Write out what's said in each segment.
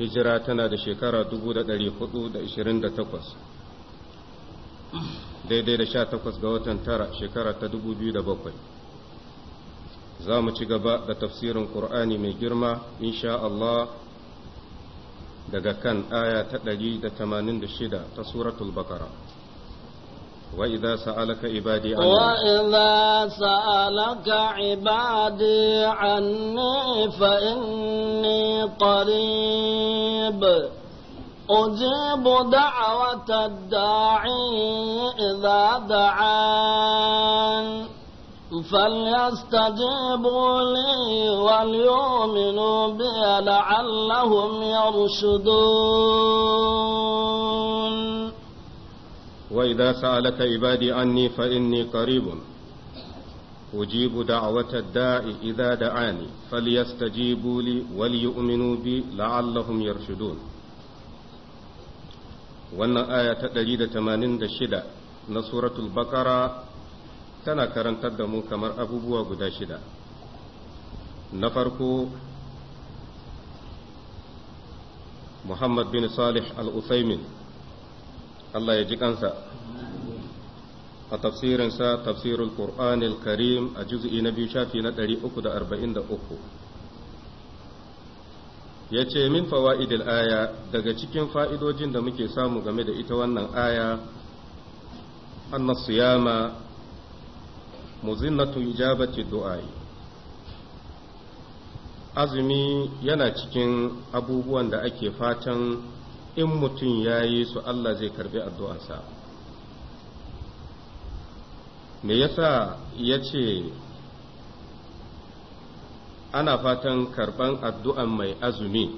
هجرة شكرة da لحدود عشرين تقص daidai da sha takwas ga watan tara shekara ta dubu biyu da bakwai za mu ci gaba da tafsirin ƙur'ani mai girma insha Allah daga kan aya ta ɗari da tamanin da shida ta suratul bakara wa idza sa'alaka ibadi anni wa idza sa'alaka ibadi anni fa قريب أجيب دعوة الداعي إذا دعان فليستجيبوا لي وليؤمنوا بي لعلهم يرشدون وإذا سألك عبادي عني فإني قريب أجيب دعوة الداء إذا دعاني فليستجيبوا لي وليؤمنوا بي لعلهم يرشدون wannan aya ta da shida na suratul bakara tana karantar da mu kamar abubuwa guda shida na farko muhammad bin salih al-usaimin allah ya ji kansa a tafsirinsa tafsirul qur'anil karim a juz'i na biyu shafi na 343 ya ce min fawa'idil aya daga cikin fa'idojin da muke samu game da ita wannan aya anna siyama muzinnatu ijabati du'ai azumi yana cikin abubuwan da ake fatan in mutum ya yi su Allah zai karbi addu'arsa. me yasa ya ce ana fatan karɓan addu'an mai azumi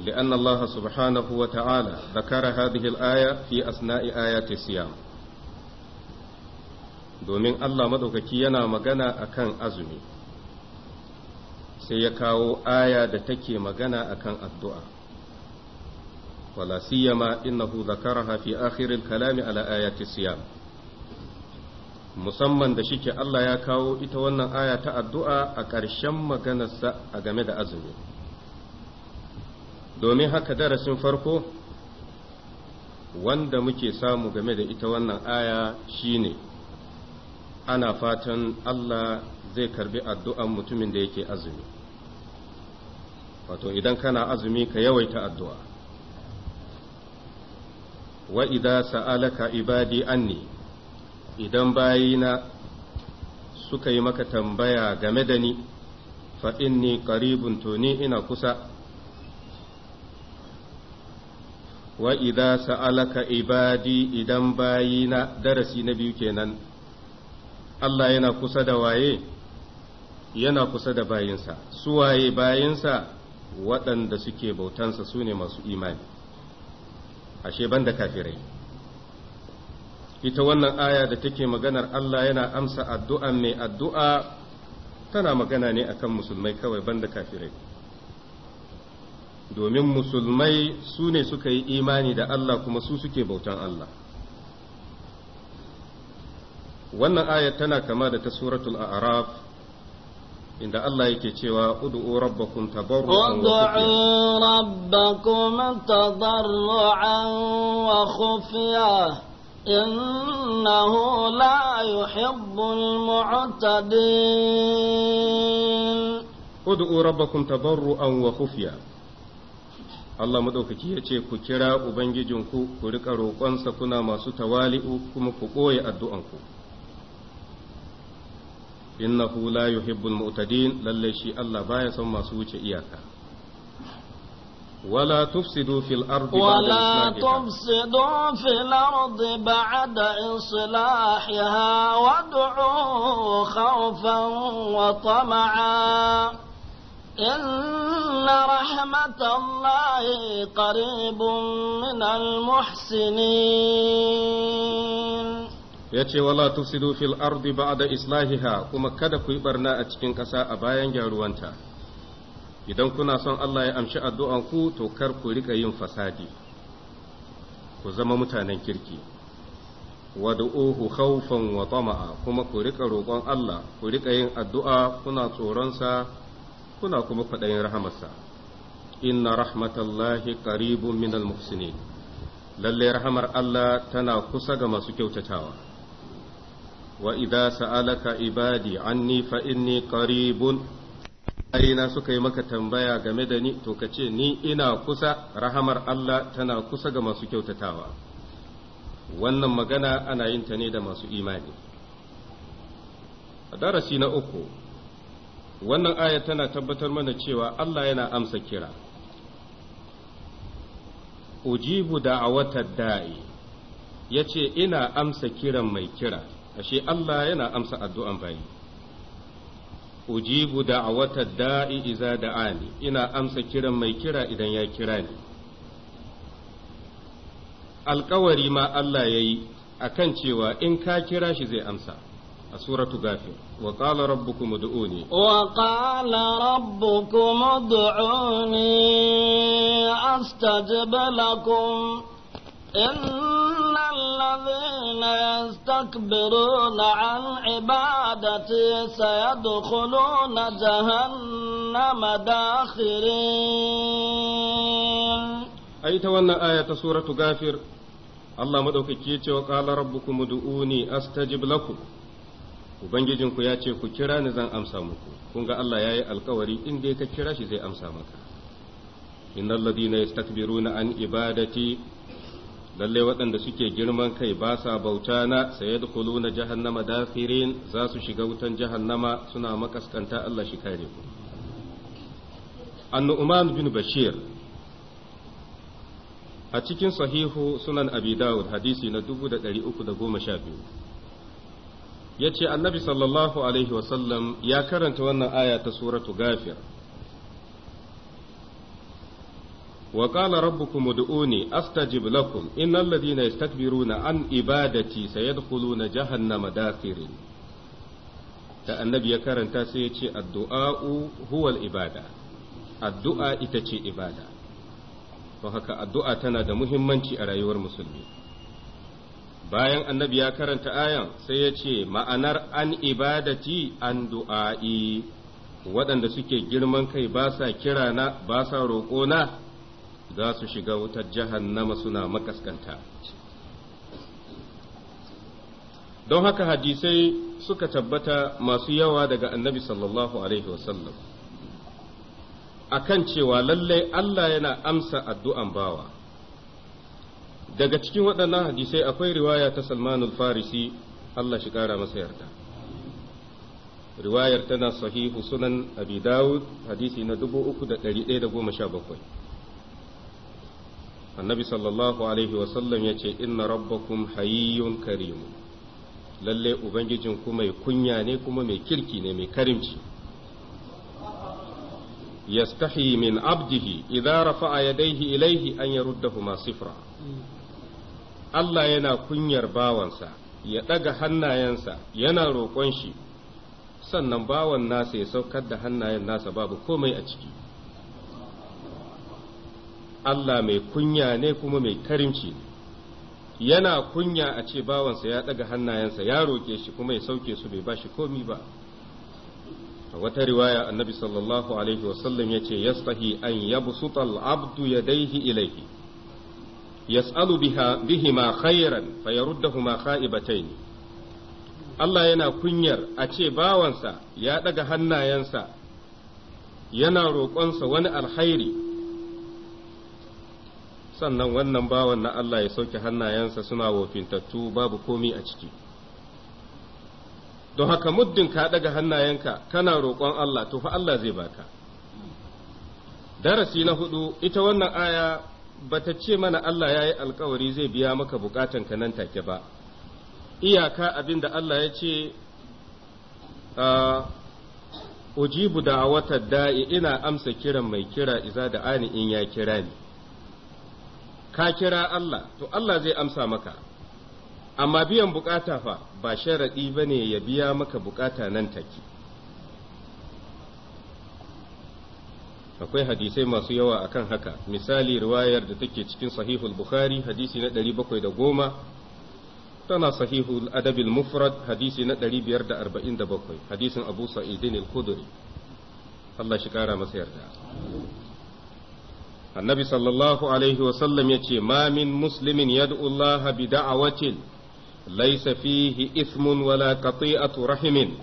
لأن الله سبحانه وتعالى ذكر هذه الآية في أثناء آية الصيام domin Allah madaukaki yana magana akan azumi sai ya kawo aya da take magana akan addu'a wala siyama innahu zakaraha fi akhirin kalami ala ayati siyam musamman da shike Allah ya kawo ita wannan aya ta addu'a a ƙarshen maganarsa a game da azumi domin haka darasin farko wanda muke samu game da ita wannan aya shine ana fatan Allah zai karbi addu'an mutumin da yake azumi wato idan kana azumi ka yawaita addu'a wa idza sa'alaka ibadi anni idan bayina suka yi maka tambaya game da ni faɗin ni ƙaribun to ni ina kusa wa idan sa'alaka ibadi idan bayina darasi na biyu kenan Allah yana kusa da waye yana kusa da bayinsa su waye bayinsa waɗanda suke bautansa su ne masu imani ashe ban banda kafirai ita wannan aya da take maganar Allah yana amsa addu'a mai addu'a tana magana ne akan musulmai kawai banda kafirai domin musulmai su ne suka yi imani da Allah kuma su suke bautan Allah wannan aya tana kama da ta suratul a'raf inda Allah yake cewa ud'u rabbakum tadarruan rabbakum wa khufiyah إنه لا يحب المعتدين ادعوا ربكم تضرعا وخفيا Allah maɗaukaki ya ce ku kira Ubangijinku ku riƙa roƙonsa kuna masu tawali'u kuma ku ɓoye addu'anku. Innahu la yuhibbul mu'tadin lalle shi Allah baya son masu wuce iyaka. ولا تفسدوا في الأرض ولا تفسدوا في الأرض بعد إصلاحها وادعوا خوفا وطمعا إن رحمة الله قريب من المحسنين yace wala tufsidu fil ardi ba'da islahiha kuma kada ku yi barna a cikin ƙasa a bayan gyaruwanta idan kuna son Allah ya amshi addu'anku to kar ku rika yin fasadi ku zama mutanen kirki wad'uhu khawfan wa tama'a kuma ku rika roƙon Allah ku rika yin addu'a kuna tsoronsa kuna kuma kwaɗayin rahamarsa inna rahmatallahi qaribun minal muhsinin lalle rahamar Allah tana kusa ga masu kyautatawa wa idza sa'alaka ibadi anni fa inni qaribun na suka yi maka tambaya game da ni to kace ni ina kusa rahamar Allah tana kusa ga masu kyautatawa wannan magana ana yin ta ne da masu imani a darasi na uku wannan aya tana tabbatar mana cewa Allah yana amsa kira ujibu wata da'i ya ce ina amsa kiran mai kira ashe Allah yana amsa addu'an bayi ujibu wata da'i iza da'ani ina amsa kiran mai kira idan ya kira ni alkawari ma Allah yayi akan cewa in ka kira shi zai amsa a suratu gafir wa qala rabbukum ud'uni wa qala rabbukum ud'uni astajib lakum الذين يستكبرون عن عبادتي سيدخلون جهنم داخرين أي تولى آية سورة غافر Allah maɗaukaki ce wa ƙala rabbukum ud'uni astajib lakum ubangijinku ya ce ku kira ni zan amsa muku kun ga Allah yayi alkawari in dai ka kira shi zai amsa maka innal ladina yastakbiruna an ibadati lalle waɗanda suke girman kai ba sa bauta na kulu na jahannama dakhirin za su shiga wutan jahannama suna makaskanta Allah shi kare ku bin bashir a cikin sahihu sunan abi dawud hadisi na 312 yace annabi sallallahu alaihi wasallam ya karanta wannan aya ta suratu gafir wa qala rabbukum ud'uni astajib lakum innal ladina yastakbiruna an ibadati sayadkhuluna jahannama dakhirin da annabi ya karanta sai ya ce addu'a'u huwal ibada addu'a ita ce ibada don haka addu'a tana da muhimmanci a rayuwar musulmi bayan annabi ya karanta ayan sai ya ce ma'anar an ibadati an du'a'i waɗanda suke girman kai ba sa kirana ba sa roƙona za su shiga wutar jahannama suna makaskanta don haka hadisai suka tabbata masu yawa daga annabi sallallahu alaihi wasallam akan cewa lallai Allah yana amsa addu'an bawa daga cikin waɗannan hadisai akwai riwaya ta salmanul farisi Allah shi ƙara masa yarda riwayar tana sahihu sunan abi dawud hadisi na 3117 annabi sallallahu alaihi wasallam ya ce inna rabbakum hayyun karimu lalle ubangijin ku mai kunya ne kuma mai kirki ne mai karimci yastahi min abdihi idza rafa'a yadayhi ilaihi an yaruddahuma sifra Allah yana kunyar bawansa ya ɗaga hannayensa yana roƙon shi sannan bawan nasa ya saukar da hannayen nasa babu komai a ciki Allah mai kunya ne kuma mai karimci yana kunya a ce bawansa ya ɗaga hannayensa ya roƙe shi kuma ya sauke su bai bashi komi ba a wata riwaya annabi sallallahu alaihi wasallam ya ce yastahi an yabsuta al-abdu yadayhi ilayhi yas'alu biha bihima khayran fayaruddahuma kha'ibatayn Allah yana kunyar a ce bawansa ya ɗaga hannayensa yana roƙonsa wani alkhairi sannan wannan bawan na Allah ya sauke hannayensa suna wofintattu babu komi a ciki don haka muddin ka daga hannayenka kana roƙon Allah to fa Allah zai baka darasi na hudu ita wannan aya bata ce mana Allah ya yi alkawari zai biya maka ka nan take ba iyaka abin da Allah ya ce ujibu da wata da'i ina amsa kiran mai kira iza da ani in ya kira ni ka kira Allah to Allah zai amsa maka amma biyan bukata fa ba sharaɗi ba ne ya biya maka bukata nan take akwai hadisai masu yawa akan haka misali riwayar da take cikin sahihul bukhari hadisi na 710 tana sahihu adabil mufrad hadisi na 547 hadisin abu sa'idin al-khudri Allah shi kara masa yarda annabi sallallahu alaihi wasallam ya ce ma min muslimin yad'ullaha bi da'awatin laysa fihi ismun wala qati'atu rahimin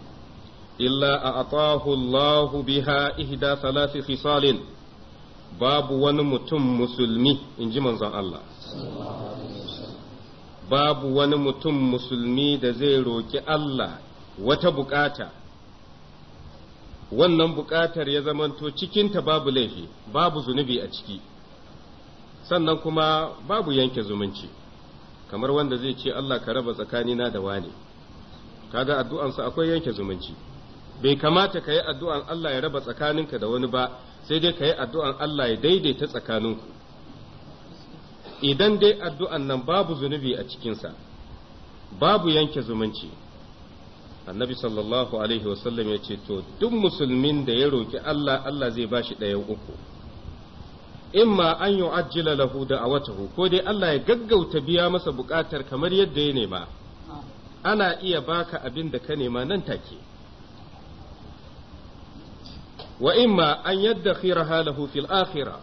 illa a atahullahu biha ihda thalathi khisalin babu wani mutum musulmi inji manzon Allah babu wani mutum musulmi da zai roki Allah wata buƙata. wannan buƙatar ya zamanto cikinta babu laifi babu zunubi a ciki sannan kuma babu yanke zumunci kamar wanda zai ce Allah ka raba tsakanina da wane kaga addu'ansa akwai yanke zumunci bai kamata ka yi addu'an Allah ya raba tsakaninka da wani ba sai dai ka yi addu'an Allah ya daidaita tsakaninku idan dai addu'an nan babu zunubi a cikinsa babu yanke zumunci annabi sallallahu alaihi wasallam ya ce to duk musulmin da ya roki Allah Allah zai bashi ɗayan uku imma an yi yu'ajjila lahu wata ko dai Allah ya gaggauta biya masa buƙatar kamar yadda ya nema ana iya baka abin da ka nema nan take wa imma an yaddakhiraha lahu fil akhirah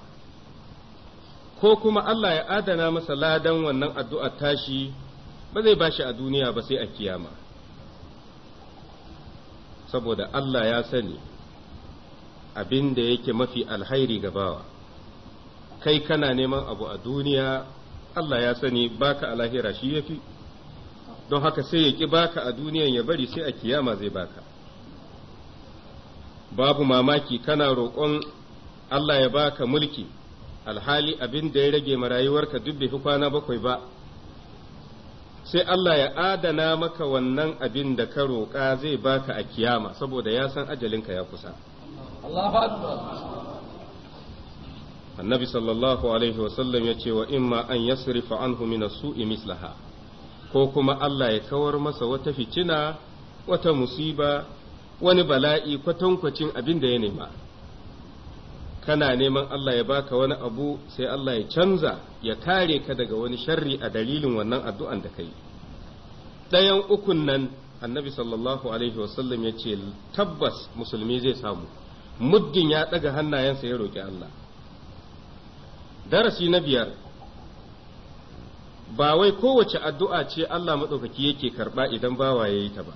ko kuma Allah ya adana masa ladan wannan addu'ar tashi ba zai bashi a duniya ba sai a kiyama saboda Allah ya sani abin da yake mafi alhairi ga bawa kai kana neman abu a duniya Allah ya sani baka a lahira shi ya fi don haka sai ya ƙi baka a duniyan ya bari sai a kiyama zai baka babu mamaki kana roƙon Allah ya baka mulki alhali abin da ya rage ma rayuwarka duk bai fi kwana bakwai ba sai Allah ya adana maka wannan abin da ka roƙa zai baka a kiyama saboda ya san ajalinka ya kusa annabi sallallahu alaihi wasallam ya ce wa imma an yasrifa anhu min su'i mislaha ko kuma Allah ya kawar masa wata fitina wata musiba wani bala'i kwatankwacin abin da ya nema kana neman Allah ya baka wani abu sai Allah ya canza ya kare ka daga wani sharri a dalilin wannan addu'an da ka yi ɗayan ukun nan annabi sallallahu alaihi wasallam ya ce tabbas musulmi zai samu muddin ya ɗaga hannayensa ya roƙi Allah darasi na biyar ba wai kowace addu'a ce Allah maɗaukaki yake karɓa idan bawa ya yi ta ba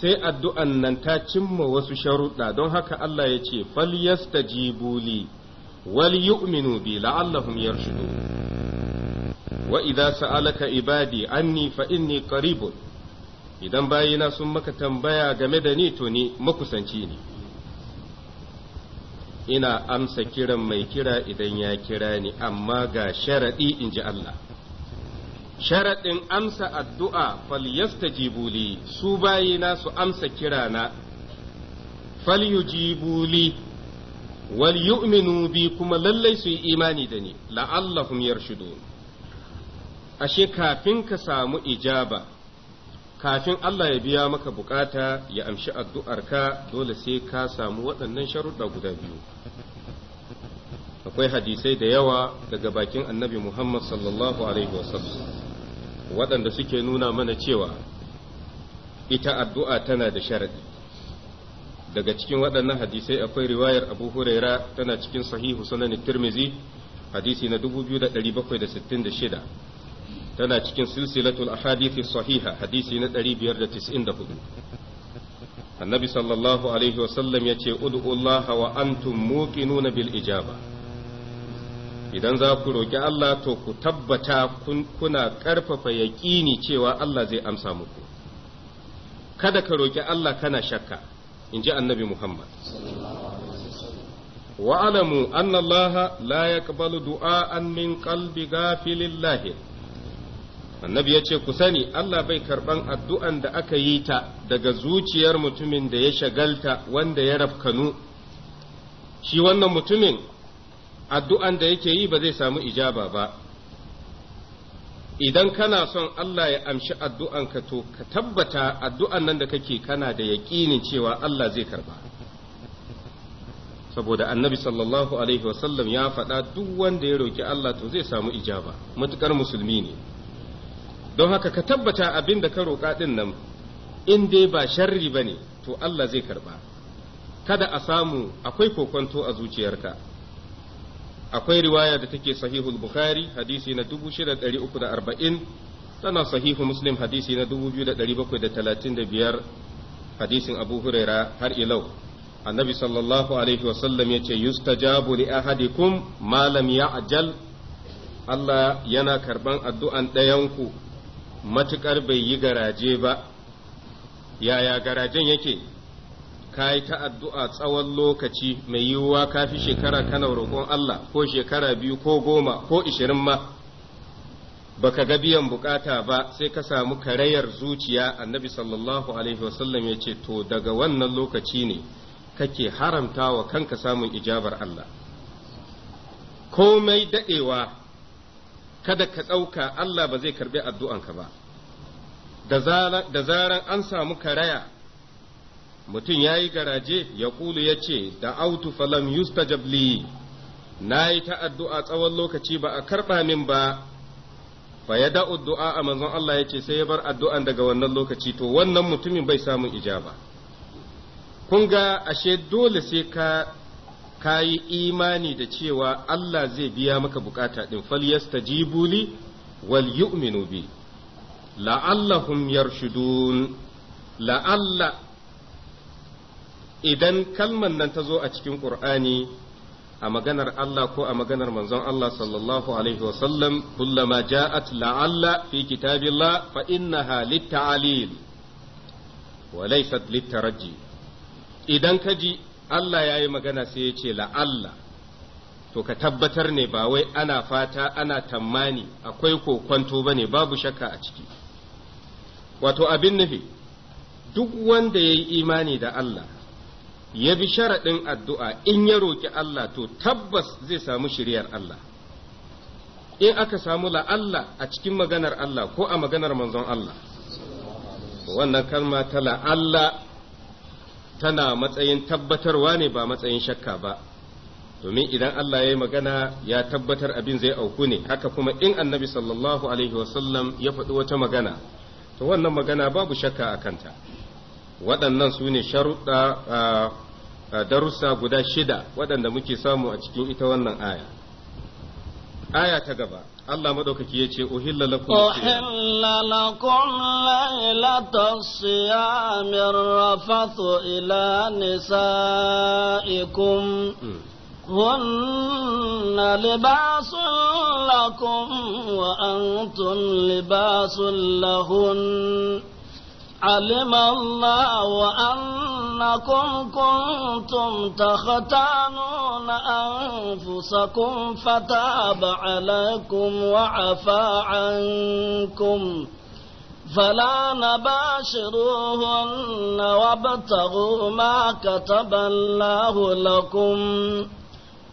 sai addu'an nan ta cimma wasu sharuɗa don haka Allah ya ce falyastajibu li wal yu'minu bi la'allahum yarshudu wa idza sa'alaka ibadi anni fa inni qaribun idan bayina sun maka tambaya game da ni to ni makusanci ne ina amsa kiran mai kira idan ya kira ni amma ga sharaɗi in ji Allah sharaɗin amsa addu'a yasta jibuli su bayina su amsa kirana falyujibu jibuli wal yu'minu bi kuma lallai su yi imani da ni la'allahum yarshudun ashe kafin ka samu ijaba kafin Allah ya biya maka bukata ya amshi addu'arka dole sai ka samu waɗannan sharuɗa guda biyu akwai hadisai da yawa daga bakin annabi Muhammad sallallahu alaihi wasallam waɗanda suke nuna mana cewa ita addu'a tana da sharaɗi daga cikin waɗannan hadisai akwai riwayar abu huraira tana cikin sahihu sunan tirmizi hadisi na 2766 tana cikin silsilatul ahadithi sahiha hadisi na 594 annabi sallallahu alaihi wasallam ya ce Allah wa antum muqinuna bil ijaba idan za ku roƙi Allah to ku tabbata kuna ƙarfafa yaƙini cewa Allah zai amsa muku kada ka roƙi Allah kana shakka in ji annabi Muhammad wa'alamu an Allah la yaqbalu du'a'an min qalbi ghafilillah annabi ya ce ku sani Allah bai karɓan addu'an da aka yi ta daga zuciyar mutumin da ya shagalta wanda ya rafkanu shi wannan mutumin addu'an da yake yi ba zai samu ijaba ba idan kana son Allah ya amshi addu'anka to ka tabbata addu'an nan da kake kana da yaƙinin cewa Allah zai karba saboda annabi sallallahu alaihi wasallam ya faɗa duk wanda ya roki Allah to zai samu ijaba matuƙar musulmi ne don haka ka tabbata abin da ka roƙa ɗin nan in dai ba sharri ba ne to Allah zai karba kada a samu akwai kokonto a zuciyarka akwai riwaya da take sahihul bukhari hadisi na 6340 tana sahihu muslim hadisi na 2735 hadisin abu huraira har ilau annabi sallallahu alaihi wasallam ya ce yustajabu li ahadikum ma lam ya'jal Allah yana karban addu'an ɗayanku matuƙar bai yi garaje ba yaya garajen yake ka yi ta addu'a tsawon lokaci mai yiwuwa ka fi shekara kana roƙon Allah ko shekara biyu ko goma ko ishirin ma baka ga biyan bukata ba sai ka samu karayar zuciya annabi sallallahu alaihi wasallam ya ce to daga wannan lokaci ne kake haramta wa kanka samun ijabar Allah komai daɗewa kada ka ɗauka Allah ba zai karɓi addu'anka ba da zaran an samu karaya mutum ya yi garaje ya kulu ya ce da autu falam yustajab na yi ta addu'a tsawon lokaci ba a karɓa min ba fa ya da'u du'a a manzon Allah ya ce sai ya bar addu'an daga wannan lokaci to wannan mutumin bai samun ijaba kun ga ashe dole sai ka ka imani da cewa Allah zai biya maka bukata ɗin falyastajibu jibuli wal yu'minu bi la'allahum yarshudun la'alla idan kalman nan ta zo a cikin ƙur'ani a maganar Allah ko a maganar manzon Allah sallallahu alaihi wa sallam kullama ja'at la'alla fi kitabillah fa innaha litta'alil wa laysat littaraji idan kaji Allah yayi magana sai ya ce la'alla to ka tabbatar ne ba wai ana fata ana tammani akwai ko ba bane babu shakka a ciki wato abin nufi duk wanda yayi imani da Allah ya bi sharaɗin addu'a in ya roƙi Allah to tabbas zai samu shiriyar Allah in aka samu la'alla a cikin maganar Allah ko a maganar manzon Allah wannan kalma ta la'alla tana matsayin tabbatarwa ne ba matsayin shakka ba domin idan Allah ya yi magana ya tabbatar abin zai auku ne haka kuma in annabi sallallahu alaihi wasallam ya faɗi wata magana to wannan magana babu shakka a kanta. waɗannan su ne sharuɗa darussa guda shida waɗanda muke samu a cikin ita wannan aya aya ta gaba Allah maɗaukaki ya ce uhilla lakum uhilla lakum lailatul siyamir rafathu ila nisaikum هن لباس لكم وأنتم لباس لهن علم الله أنكم كنتم تختانون أنفسكم فتاب عليكم وعفى عنكم فلا نباشروهن وابتغوا ما كتب الله لكم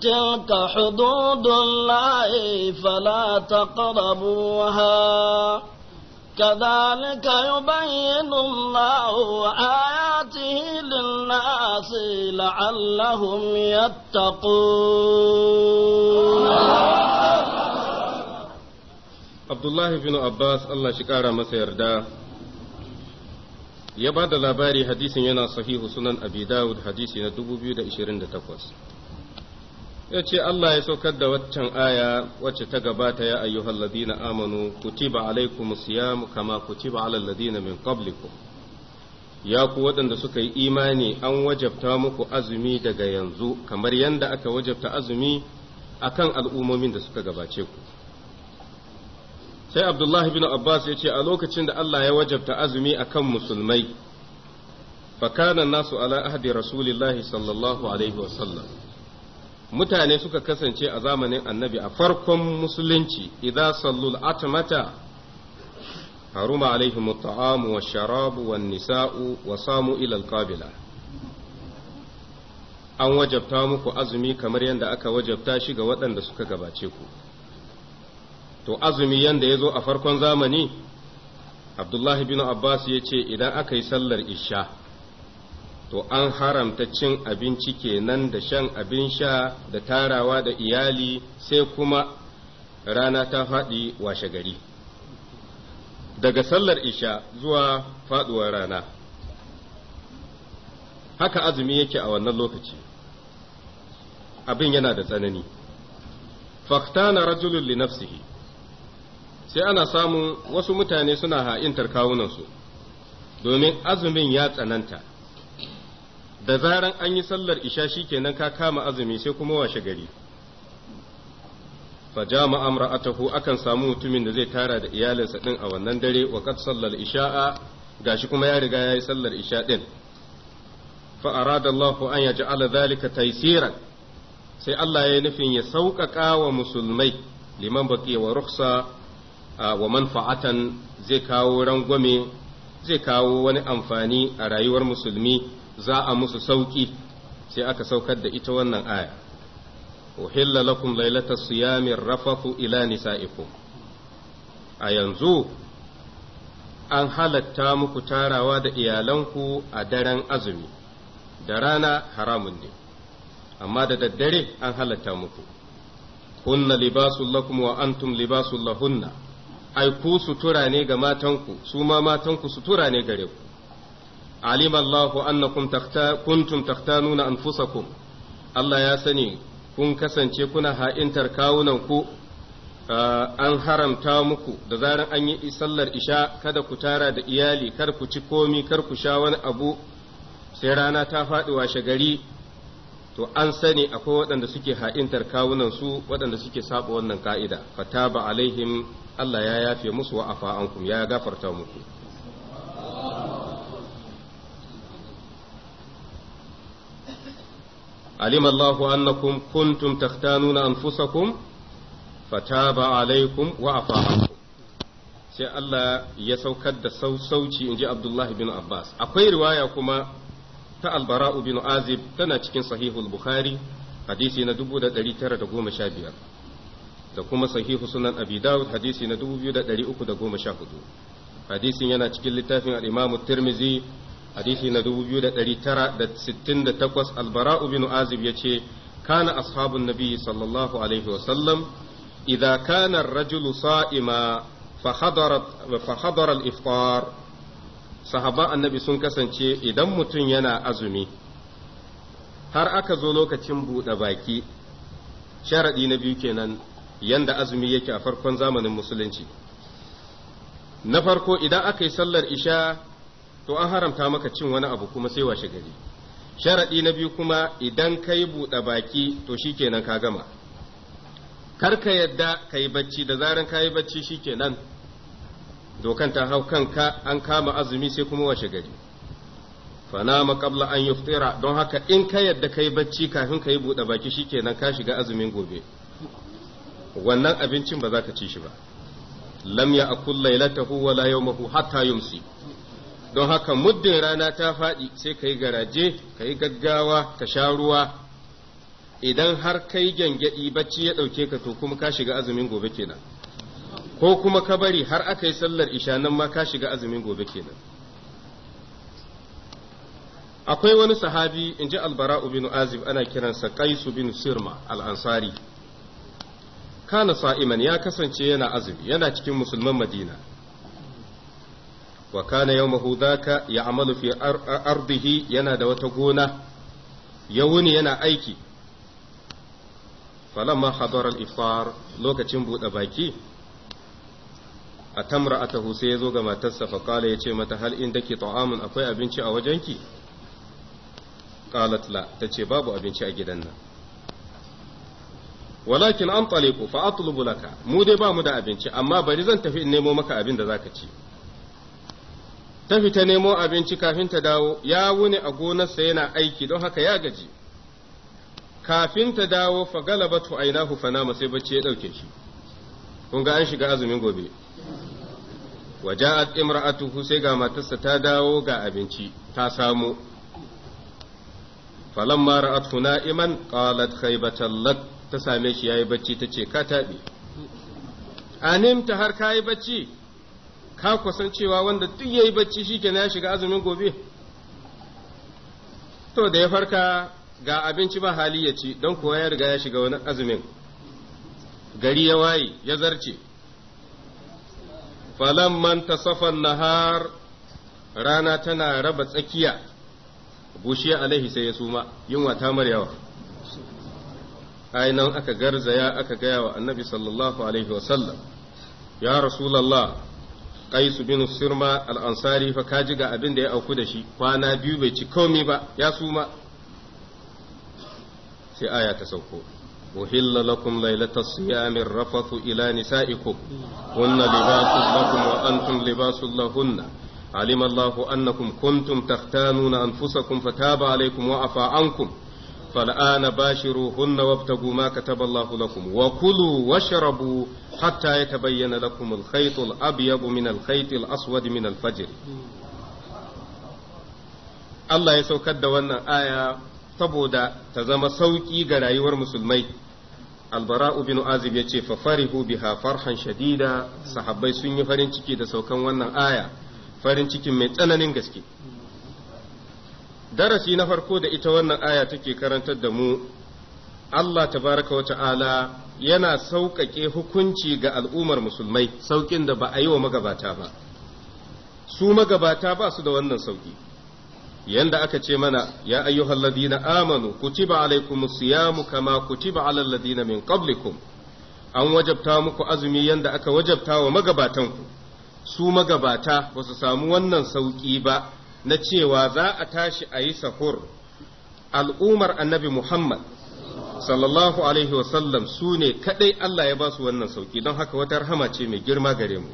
تلك حدود الله فلا تقربوها كذلك يبين الله آياته للناس لعلهم يتقون عبد الله بن عباس الله شكارا مسير دا ya حديث ينا صحيح سنن أبي داود حديث ينا دبو hadisi na 2028 Yace Allah ya saukar da waccan aya wacce ta gabata ya ayyuhal ladina amanu kutiba alaikum siyam kama kutiba alal ladina min qablikum ya ku waɗanda suka yi imani an wajabta muku azumi daga yanzu kamar yanda aka wajabta azumi akan al'umomin da suka gabace ku sai Abdullah bin Abbas ya ce a lokacin da Allah ya wajabta azumi akan musulmai fa kana nasu ala ahdi rasulillahi sallallahu alaihi wasallam mutane suka kasance a zamanin annabi a farkon musulunci idan sallul atmata haruma alaihim ta'amu wa sharabu wa nisa'u wa samu ilal qabila an wajabta muku azumi kamar yadda aka wajabta shi ga waɗanda suka gabace ku to azumi yadda ya zo a farkon zamani abdullahi bin abbas ya ce idan aka yi sallar isha to an haramta cin abinci kenan da shan abin sha da tarawa da iyali sai kuma rana ta faɗi washe gari daga sallar isha zuwa faɗuwar rana haka azumi yake a wannan lokaci abin yana da tsanani faktana rajulun li nafsihi sai ana samun wasu mutane suna ha'intar kawunansu domin azumin ya tsananta da zaran an yi sallar isha shikenan ka kama azumi sai kuma washe gari fa jama amra'atahu akan samu mutumin da zai tara da iyalinsa din a wannan dare wa sallar sallal isha'a gashi kuma ya riga yayi sallar isha din fa arada Allahu an yaj'ala dhalika taysiran sai Allah ya nufin ya sauƙaƙa wa musulmai liman baƙi wa ruksa wa manfa'atan zai kawo rangwame zai kawo wani amfani a rayuwar musulmi za a musu sauƙi sai aka saukar da ita wannan aya uhilla lakum lailata siyamin rafafu ila nisa'ikum a yanzu an halatta muku tarawa da iyalanku a daren azumi da rana haramun ne amma da daddare an halatta muku hunna libasun lakum wa antum libasun lahunna ai ku sutura ne ga matanku su ma matanku sutura ne gare ku alim Allahu annakum kuntum taktanuna anfusakum Allah ya sani kun kasance kuna ha'intar kawunan ku eh, an haramta muku da zaran an yi sallar isha kada ku tara da iyali kar ku ci komi kar ku sha wani abu sai rana ta faɗi washe gari to an sani akwai waɗanda suke ha'intar kawunan su waɗanda suke saba wannan ka'ida fataba alaihim Allah ya yafe musu wa afa ya gafarta muku Alimallahu الله kuntun كنتم تختانون أنفسكم فتاب عليكم وعفى عنكم sai Allah ya saukar da sassauci in ji Abdullahi bin Abbas akwai riwaya kuma ta albara'u bin azib tana cikin sahihul bukhari hadisi na 1915 da kuma sahihu sunan abi hadisi na 2314 hadisin yana cikin littafin al-imamu tirmizi hadisi na 2968 albara'u bin ya ce kana ashabun nabi sallallahu alaihi wasallam idza kana ar-rajulu sa'ima fa hadarat fa hadara al-iftar sahaba annabi sun kasance idan mutum yana azumi har aka zo lokacin buɗe baki sharaɗi na biyu kenan yanda azumi yake a farkon zamanin musulunci na farko idan aka yi sallar isha to an haramta maka cin wani abu kuma sai washe gari sharaɗi na biyu kuma idan kai buɗe baki to shikenan ka gama kar ka yadda ka yi bacci da zaran ka yi bacci shikenan dokan ta hau kanka an kama azumi sai kuma washe gari fanama qabla an yuftira don haka in ka yadda ka yi bacci kafin ka yi buɗe baki shikenan ka shiga azumin gobe wannan abincin ba za ka ci shi ba lam ya akul lailatahu wa la hatta yumsi don haka muddin rana ta faɗi sai ka yi garaje ka yi gaggawa ka sha ruwa idan har kai gyangyaɗi bacci ya ɗauke ka to kuma ka shiga azumin gobe kenan ko kuma ka bari har aka yi sallar isha nan ma ka shiga azumin gobe kenan akwai wani sahabi in ji albara'u bin azib ana kiransa qaisu bin sirma al-ansari kana sa'iman ya kasance yana azumi yana cikin musulman madina wa kana ya dhaka ya'malu fi ardihi yana da wata gona ya wuni yana aiki falamma hadara al lokacin bude baki a tamra atahu sai ya zo ga matarsa fa kala ya ce mata hal in dake ta'amun akwai abinci a wajenki qalat la tace babu abinci a gidan nan walakin an taliku fa atlubu laka mu dai ba mu da abinci amma bari zan tafi in nemo maka abin da zaka ci ta fita nemo abinci kafin ta dawo ya wuni a gonarsa yana aiki don haka ya gaji kafin ta dawo fa galabatu ainahu fanama sai bacci ya dauke shi kun ga an shiga azumin gobe waja'at imra'atuhu sai ga matarsa ta dawo ga abinci ta samu falamma ra'athu na'iman qalat khaybatan lak ta same shi yayi bacci tace ka tabi animta har kayi bacci ka kusan cewa wanda duk yayi bacci shikenan ya shiga azumin gobe to da ya farka ga abinci ba hali ya ci don kuwa ya riga ya shiga wani azumin gari ya waye ya zarce falamman tasafan nahar rana tana raba tsakiya bushiya alaihi sai ya suma yunwa ta maryawa ai aka garzaya aka gaya wa annabi sallallahu alaihi wasallam ya rasulallah qais bin sirma al-ansari fa ji ga abin da ya auku da shi kwana biyu bai ci komi ba ya suma sai aya ta sauko uhilla lakum lailatas siyamir rafathu ila علم الله أنكم كنتم تختانون أنفسكم فتاب عليكم وعفى عنكم فالآن باشروهن وابتغوا ما كتب الله لكم وكلوا واشربوا حتى يتبين لكم الخيط الأبيض من الخيط الأسود من الفجر Allah ya saukar da wannan aya saboda ta zama sauƙi ga rayuwar musulmai. Albara'u bin Azib ya ce, farihu biha farhan shadida, sahabbai sun yi farin ciki da saukan wannan aya, farin cikin mai tsananin gaske. darasi na farko da ita wannan aya take karantar da mu Allah tabaraka wa ta'ala yana sauƙaƙe hukunci ga al'ummar musulmai sauƙin da ba a yi wa magabata ba su magabata ba su da wannan sauƙi yanda aka ce mana ya ayyuhal ladina amanu kutiba alaikumus siyamu kama kutiba alal ladina min qablikum an wajabta muku azumi yanda aka wajabta wa magabatan ku su magabata ba su samu wannan sauƙi ba na cewa za a tashi a yi sahur al'umar annabi Muhammad sallallahu alaihi wasallam su ne kaɗai Allah ya ba su wannan sauki don haka wata rahama ce mai girma gare mu.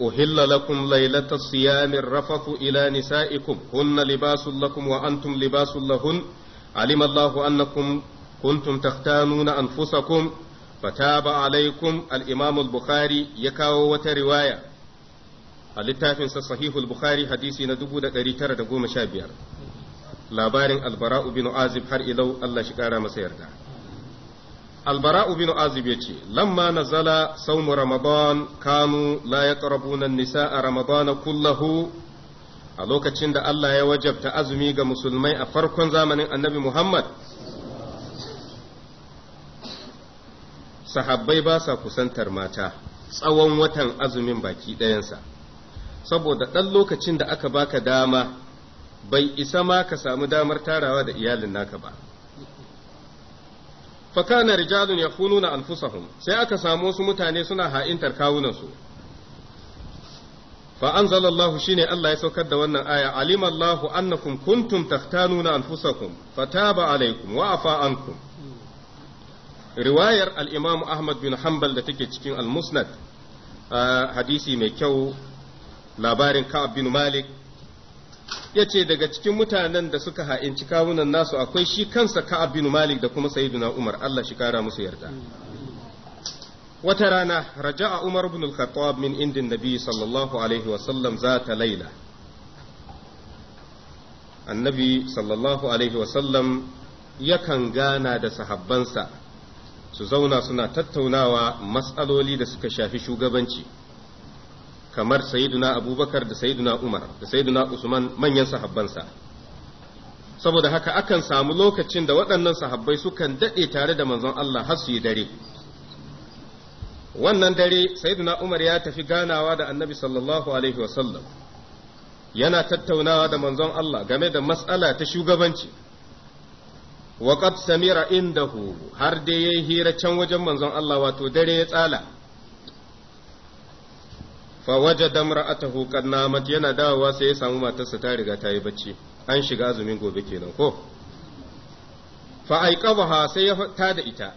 أهل لكم ليلة الصيام الرفث إلى نسائكم هن لباس لكم وأنتم لباس لهن علم الله أنكم كنتم تختانون أنفسكم فتاب عليكم الإمام البخاري يكاو وترواية a littafinsa sahihul bukhari hadisi na 1915 labarin albara'u bin azib har ilau Allah shi kara masa yarda albara'u bin azib ya ce lamma nazala saumu ramadan kanu la yaqrabuna nisa a ramadan kullahu a lokacin da Allah ya wajabta azumi ga musulmai a farkon zamanin annabi Muhammad sahabbai ba sa kusantar mata tsawon watan azumin baki ɗayansa saboda ɗan lokacin da aka baka dama bai isa ma ka samu damar tarawa da iyalin naka ba fakana rijalun ya hununa anfusahum sai aka samu wasu mutane suna ha'intar kawunansu fa anzalallahu shine Allah ya saukar da wannan aya alimallahu annakum kuntum takhtanuna anfusakum fataba alaikum wa afa ankum riwayar al-imam Ahmad bin Hanbal da take cikin al-Musnad ah, hadisi mai kyau labarin Ka'ab bin Malik ya ce daga cikin mutanen da suka ha'inci kawunan nasu akwai shi kansa Ka'ab bin Malik da kuma Sayyiduna Umar Allah shi kara musu yarda wata rana raja'a Umar ibn al-Khattab min indin Nabi sallallahu alaihi wa sallam zata laila annabi sallallahu alaihi wa sallam yakan gana da sahabbansa su zauna suna tattaunawa matsaloli da suka shafi shugabanci kamar sayyiduna abubakar da sayyiduna umar da sayyiduna usman manyan sahabbansa saboda haka akan samu lokacin da waɗannan sahabbai sukan daɗe tare da manzon Allah har su yi dare wannan dare sayyiduna umar ya tafi ganawa da annabi sallallahu alaihi wasallam yana tattaunawa da manzon Allah game da matsala ta shugabanci وقد samira indahu har dai yayi hira can wajen manzon Allah wato dare ya tsala fa wajada imra'atahu qad namat yana dawowa sai ya samu matarsa ta riga ta yi bacci an shiga azumin gobe kenan ko fa aiqabaha sai ya ta da ita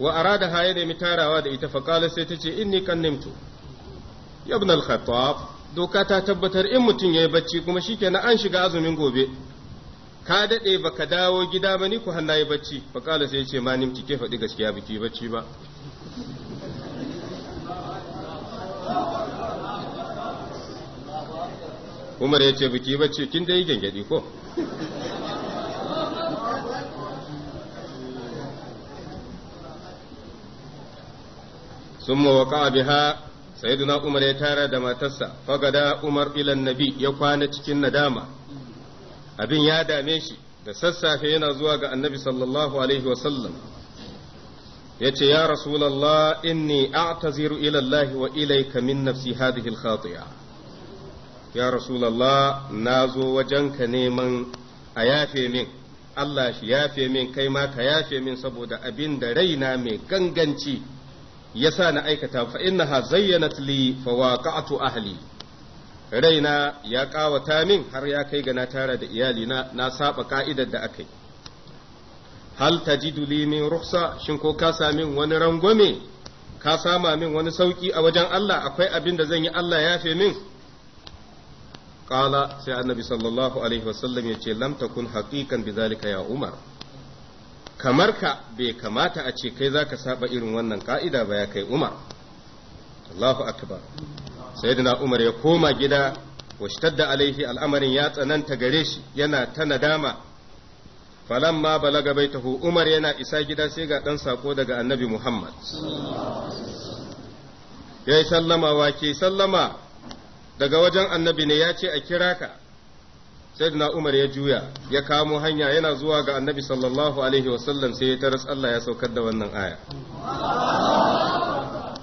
wa arada ha ya nemi tarawa da ita fa qala sai tace inni kan nimtu ibn al-khattab doka ta tabbatar in mutum yayi bacci kuma shi shikenan an shiga azumin gobe ka dade baka dawo gida ba ni ku hannaye bacci fa qala sai yace ma nimti ke faɗi gaskiya biki bacci ba umar ya ce biki bace kin dai gyangyadi ko ثم biha sayyiduna umar ya tara da matarsa fagada umar ilan nabi ya kwana cikin nadama abin ya dame shi da sassafe yana zuwa ga annabi sallallahu alaihi wasallam yace ya rasulullah inni a'taziru ila Allah wa ilayka min nafsi hadhihi al-khati'a ya rasulullah nazo wajenka neman a yafe min Allah shi yafe min kai ma ka yafe min saboda abin da raina mai ganganci yasa na aikata fa innaha zayyanat li fa waqa'tu ahli raina ya kawata min har ya kai ga na tara da iyalina na saɓa ka'idar da akai hal ta ji min rukhsa shin ko ka sami wani rangwame ka sama min wani sauki a wajen Allah akwai abin da zan yi Allah ya min kala sai annabi sallallahu alaihi wasallam ya ce lam takun haqiqan bidhalika ya umar kamar ka bai kamata a ce kai zaka saba irin wannan ka'ida ba ya kai umar Allahu akbar sayyidina umar ya koma gida washtadda alaihi al'amarin ya tsananta gare shi yana ta nadama ma falan ga balaga taho Umar yana isa gida sai ga ɗan sako daga Annabi Muhammad yayi sallama wa ke sallama daga wajen Annabi ne ya ce a kira ka na Umar ya juya ya kamo hanya yana zuwa ga Annabi sallallahu alaihi wasallam sai ya taras Allah ya saukar da wannan aya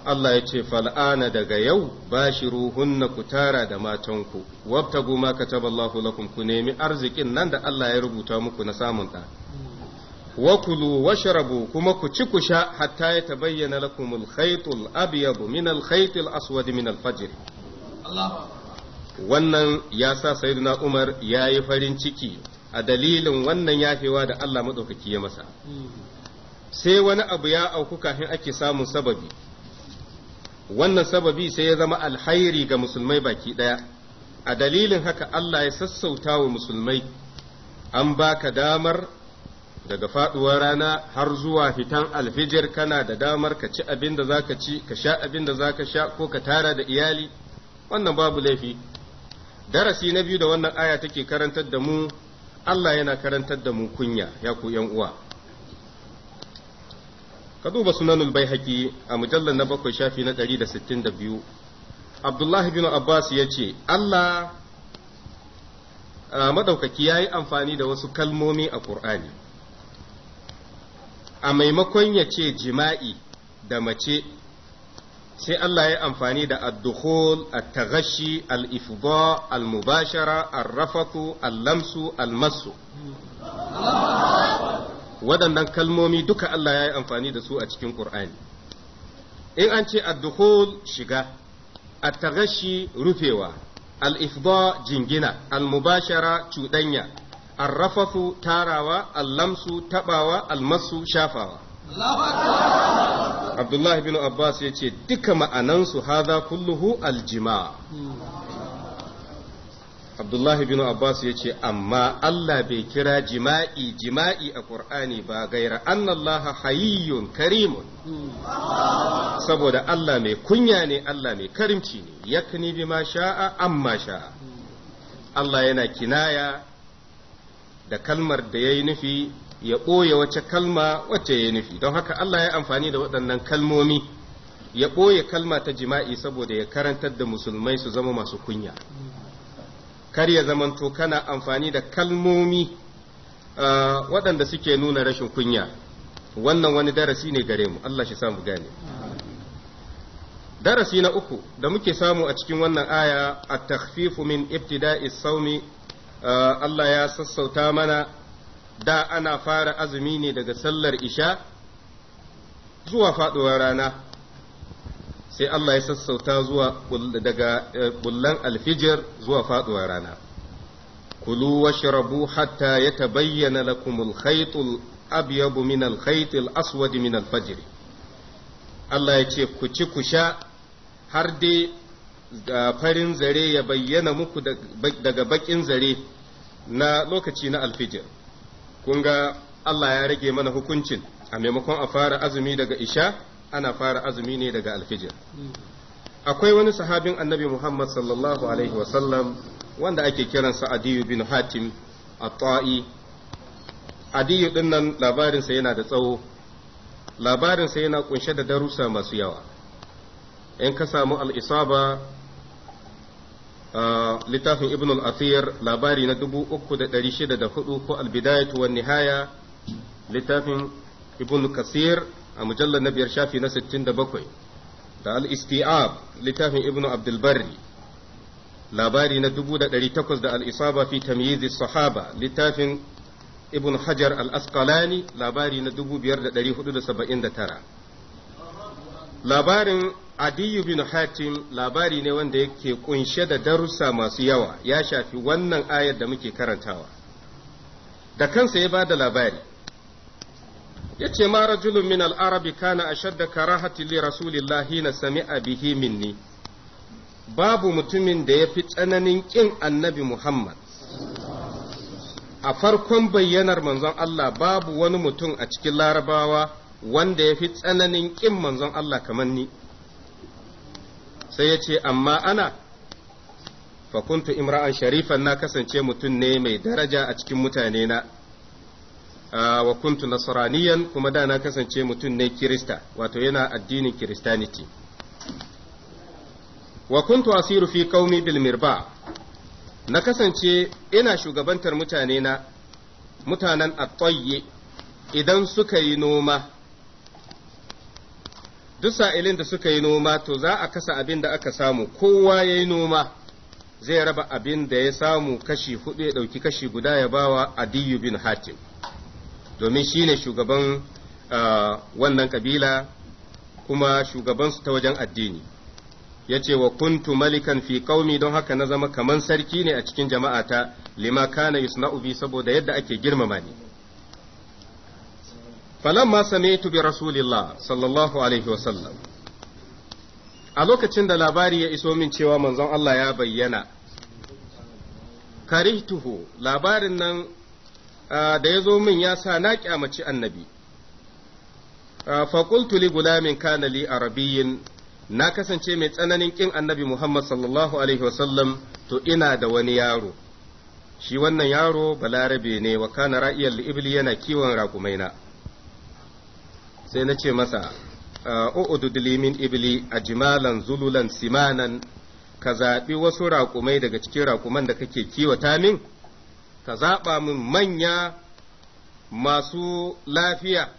Allah ya ce fal'ana daga yau bashi shi ruhunna ku tara da matanku, wabta goma ka taba Allah lakum ku nemi arzikin nan da Allah ya rubuta muku na samun ɗa. Wakulu washrabu kuma ku ci ku sha hatta ya tabayyana lakum alkhaytul abyad min alkhaytil aswad min alfajr. Wannan ya sa Sayyidina Umar ya farin ciki a dalilin wannan yafewa da Allah madaukaki ya masa. Hmm. Sai wani abu ya auku kafin ake samun sababi. wannan sababi sai ya zama alhairi ga musulmai baki ɗaya a dalilin haka Allah ya sassauta wa musulmai an baka damar daga faduwar rana har zuwa fitan alfijir kana da damar ka ci abin da zaka ci ka sha abin da zaka sha ko ka tara da iyali wannan babu laifi darasi na biyu da wannan aya take karantar da mu Allah yana karantar da mu kunya ya ku uwa ka duba sunanul baihaqi a mujallar na bakwai shafi na biyu abdullahi bin abbas ya ce allah ah, maɗaukaki ya yi amfani da wasu kalmomi a ƙur'ani a maimakon ya ce jima'i da mace sai Allah ya amfani da addukhul at-taghashi al ifba al-mubashara ar-rafatu al-lamsu al masu waɗannan kalmomi duka Allah ya yi amfani da su a cikin Ƙur'ani. In an ce addukhul shiga, attagashi rufewa, al'ifba jingina, almubashara cuɗanya, arrafafu tarawa, allamsu taɓawa, almasu shafawa. Abdullah bin Abbas ya ce duka ma'anansu haza kulluhu aljima. abdullahi bin abbas ya ce amma allah bai kira jima'i jima'i a ƙur'ani ba gaira annallaha hayyun karimu. saboda allah mai kunya ne allah mai karimci ne yakni ma sha'a amma sha'a allah yana kinaya da kalmar da ya nufi ya ɓoye wace kalma wacce ya nufi don haka allah ya amfani da waɗannan kalmomi ya ɓoye kalma ta jima'i saboda ya karantar da musulmai su zama masu kunya. kar ya zamanto kana amfani da kalmomi ah, waɗanda suke nuna rashin kunya wannan wani darasi ne gare mu Allah shi samu gane darasi na uku da muke samu a cikin wannan aya a takhfifu min ibtida'i saumi ah, Allah ya sassauta mana da ana fara azumi ne daga sallar isha zuwa faɗuwar rana sai Allah ya sassauta zuwa daga bullan eh, alfijir zuwa faduwar rana kulu washrabu hatta ya lakum al-khayt al-abyad min al aswad min al Allah ya ce ku ci ku sha har dai farin zare ya bayyana muku daga bakin zare na lokaci na alfijir kun ga Allah ya rage mana hukuncin a maimakon a fara azumi daga isha ana fara azumi ne daga alfijir akwai wani sahabin annabi Muhammad sallallahu alaihi wasallam wanda ake kiransa Adiyu bin Hatim a tai Adiyu dinnan labarinsa yana da tsawo labarinsa yana kunshe da darussa masu yawa in ka samu al'isaba ah, littafin Ibn al-Athir labari na 3604 ko al-Bidayatu wan Nihaya littafin Ibn Kasir a mujallar na biyar shafi na 67 da al-istiab littafin ibnu abdul barri labari na 1800 da al-isaba fi tamyiz sahaba littafin ibn hajar al-asqalani labari na 5479 labarin adiyu bin hatim labari ne wanda yake kunshe da darussa masu yawa ya shafi wannan ayar da muke karantawa da kansa ya ba da labari yace ma rajulun min al kana ashadda karahati li rasulillahi na sami'a bihi minni babu mutumin da ya fi tsananin kin annabi Muhammad a farkon bayyanar manzon Allah babu wani mutum a cikin larabawa wanda ya fi tsananin kin manzon Allah kamar ni sai yace amma ana fakuntu imra'an sharifan na kasance mutum ne mai daraja a cikin mutane na wa kuntu nasraniyan kuma da na kasance mutum ne kirista wato yana addinin kiristaniti wa kuntu asiru fi qaumi bil mirba na kasance ina shugabantar mutane na mutanen idan suka yi noma duk sa'ilin da suka yi noma to za a kasa abin da aka samu kowa ya yi noma zai raba abin da ya samu kashi hudu ya ɗauki kashi guda ya bawa adiyu bin hatim domin shi ne shugaban wannan kabila kuma shugabansu ta wajen addini ya ce wa kuntu malikan fi kaumi don haka na zama kaman sarki ne a cikin jama'ata lima kana yusna'u bi saboda yadda ake girmama ni falamma sami'tu bi rasulillah sallallahu alaihi wa a lokacin da labari ya iso min cewa manzon Allah ya bayyana karihtuhu labarin nan da ya zo min ya sa na kyamaci annabi faƙultu li gulamin kana li arabiyyin na kasance mai tsananin ƙin annabi Muhammad sallallahu alaihi wasallam to ina da wani yaro shi wannan yaro balarabe ne wa kana ra'iyar ibli yana kiwon raƙumaina sai na ce masa ah, u'ududlimin ibli a jimalan zululan simanan ka zaɓi wasu raƙumai daga cikin raƙuman da kake kiwata min ka zaɓa min manya masu lafiya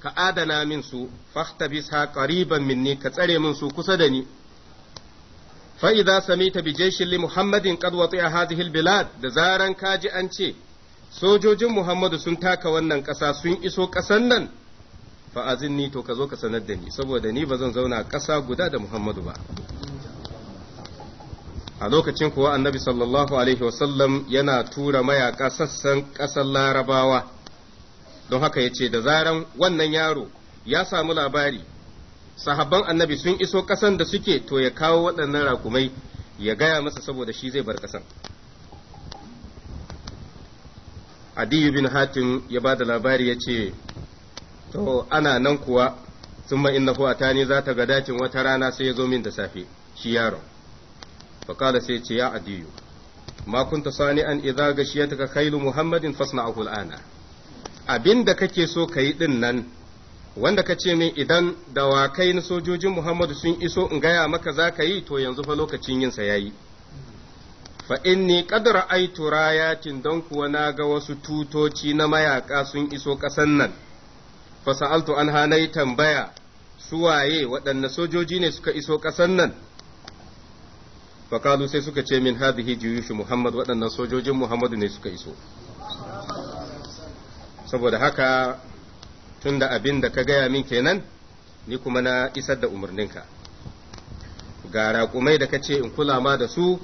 ka adana min su fahtabisa qariban minni ka tsare min su kusa da ni fa idza samita bi li muhammadin qad wati'a hadhihi bilad da zaran ka ji an ce sojojin muhammadu sun taka wannan ƙasa sun iso ƙasan nan fa azinni to ka zo ka sanar da ni saboda ni ba zan zauna ƙasa guda da muhammadu ba a lokacin kuwa annabi sallallahu alaihi wasallam yana tura mayaka sassan ƙasar larabawa don haka ya ce da zaran wannan yaro ya samu labari sahabban annabi sun iso ƙasan da suke to ya kawo waɗannan rakumai ya gaya masa saboda shi zai bar ƙasan adiyu bin hatim ya ba da labari ya ce to ana nan kuwa sun innahu a zata za ta ga dacin wata rana sai ya zo min da safe shi yaro. فقال سيتي يا عدي ما كنت صانعا اذا غشيتك خيل محمد فاصنعه الآن abin da kake so ka yi ɗin nan wanda ka ce min idan dawakai na sojojin Muhammadu sun iso in gaya maka za ka yi to yanzu fa lokacin yinsa ya yi. Fa inni ƙadar aitu rayatin don kuwa na ga wasu tutoci na mayaka sun iso ƙasan nan, fa sa'altu an yi tambaya waye waɗanne sojoji ne suka iso ƙasan nan. fakalu sai suka ce min hijiyu juyushu muhammad waɗannan sojojin muhammadu ne suka iso saboda haka tunda abin da ka gaya min kenan ni kuma na isar da umarninka ga raƙumai da ka ce in kula ma da su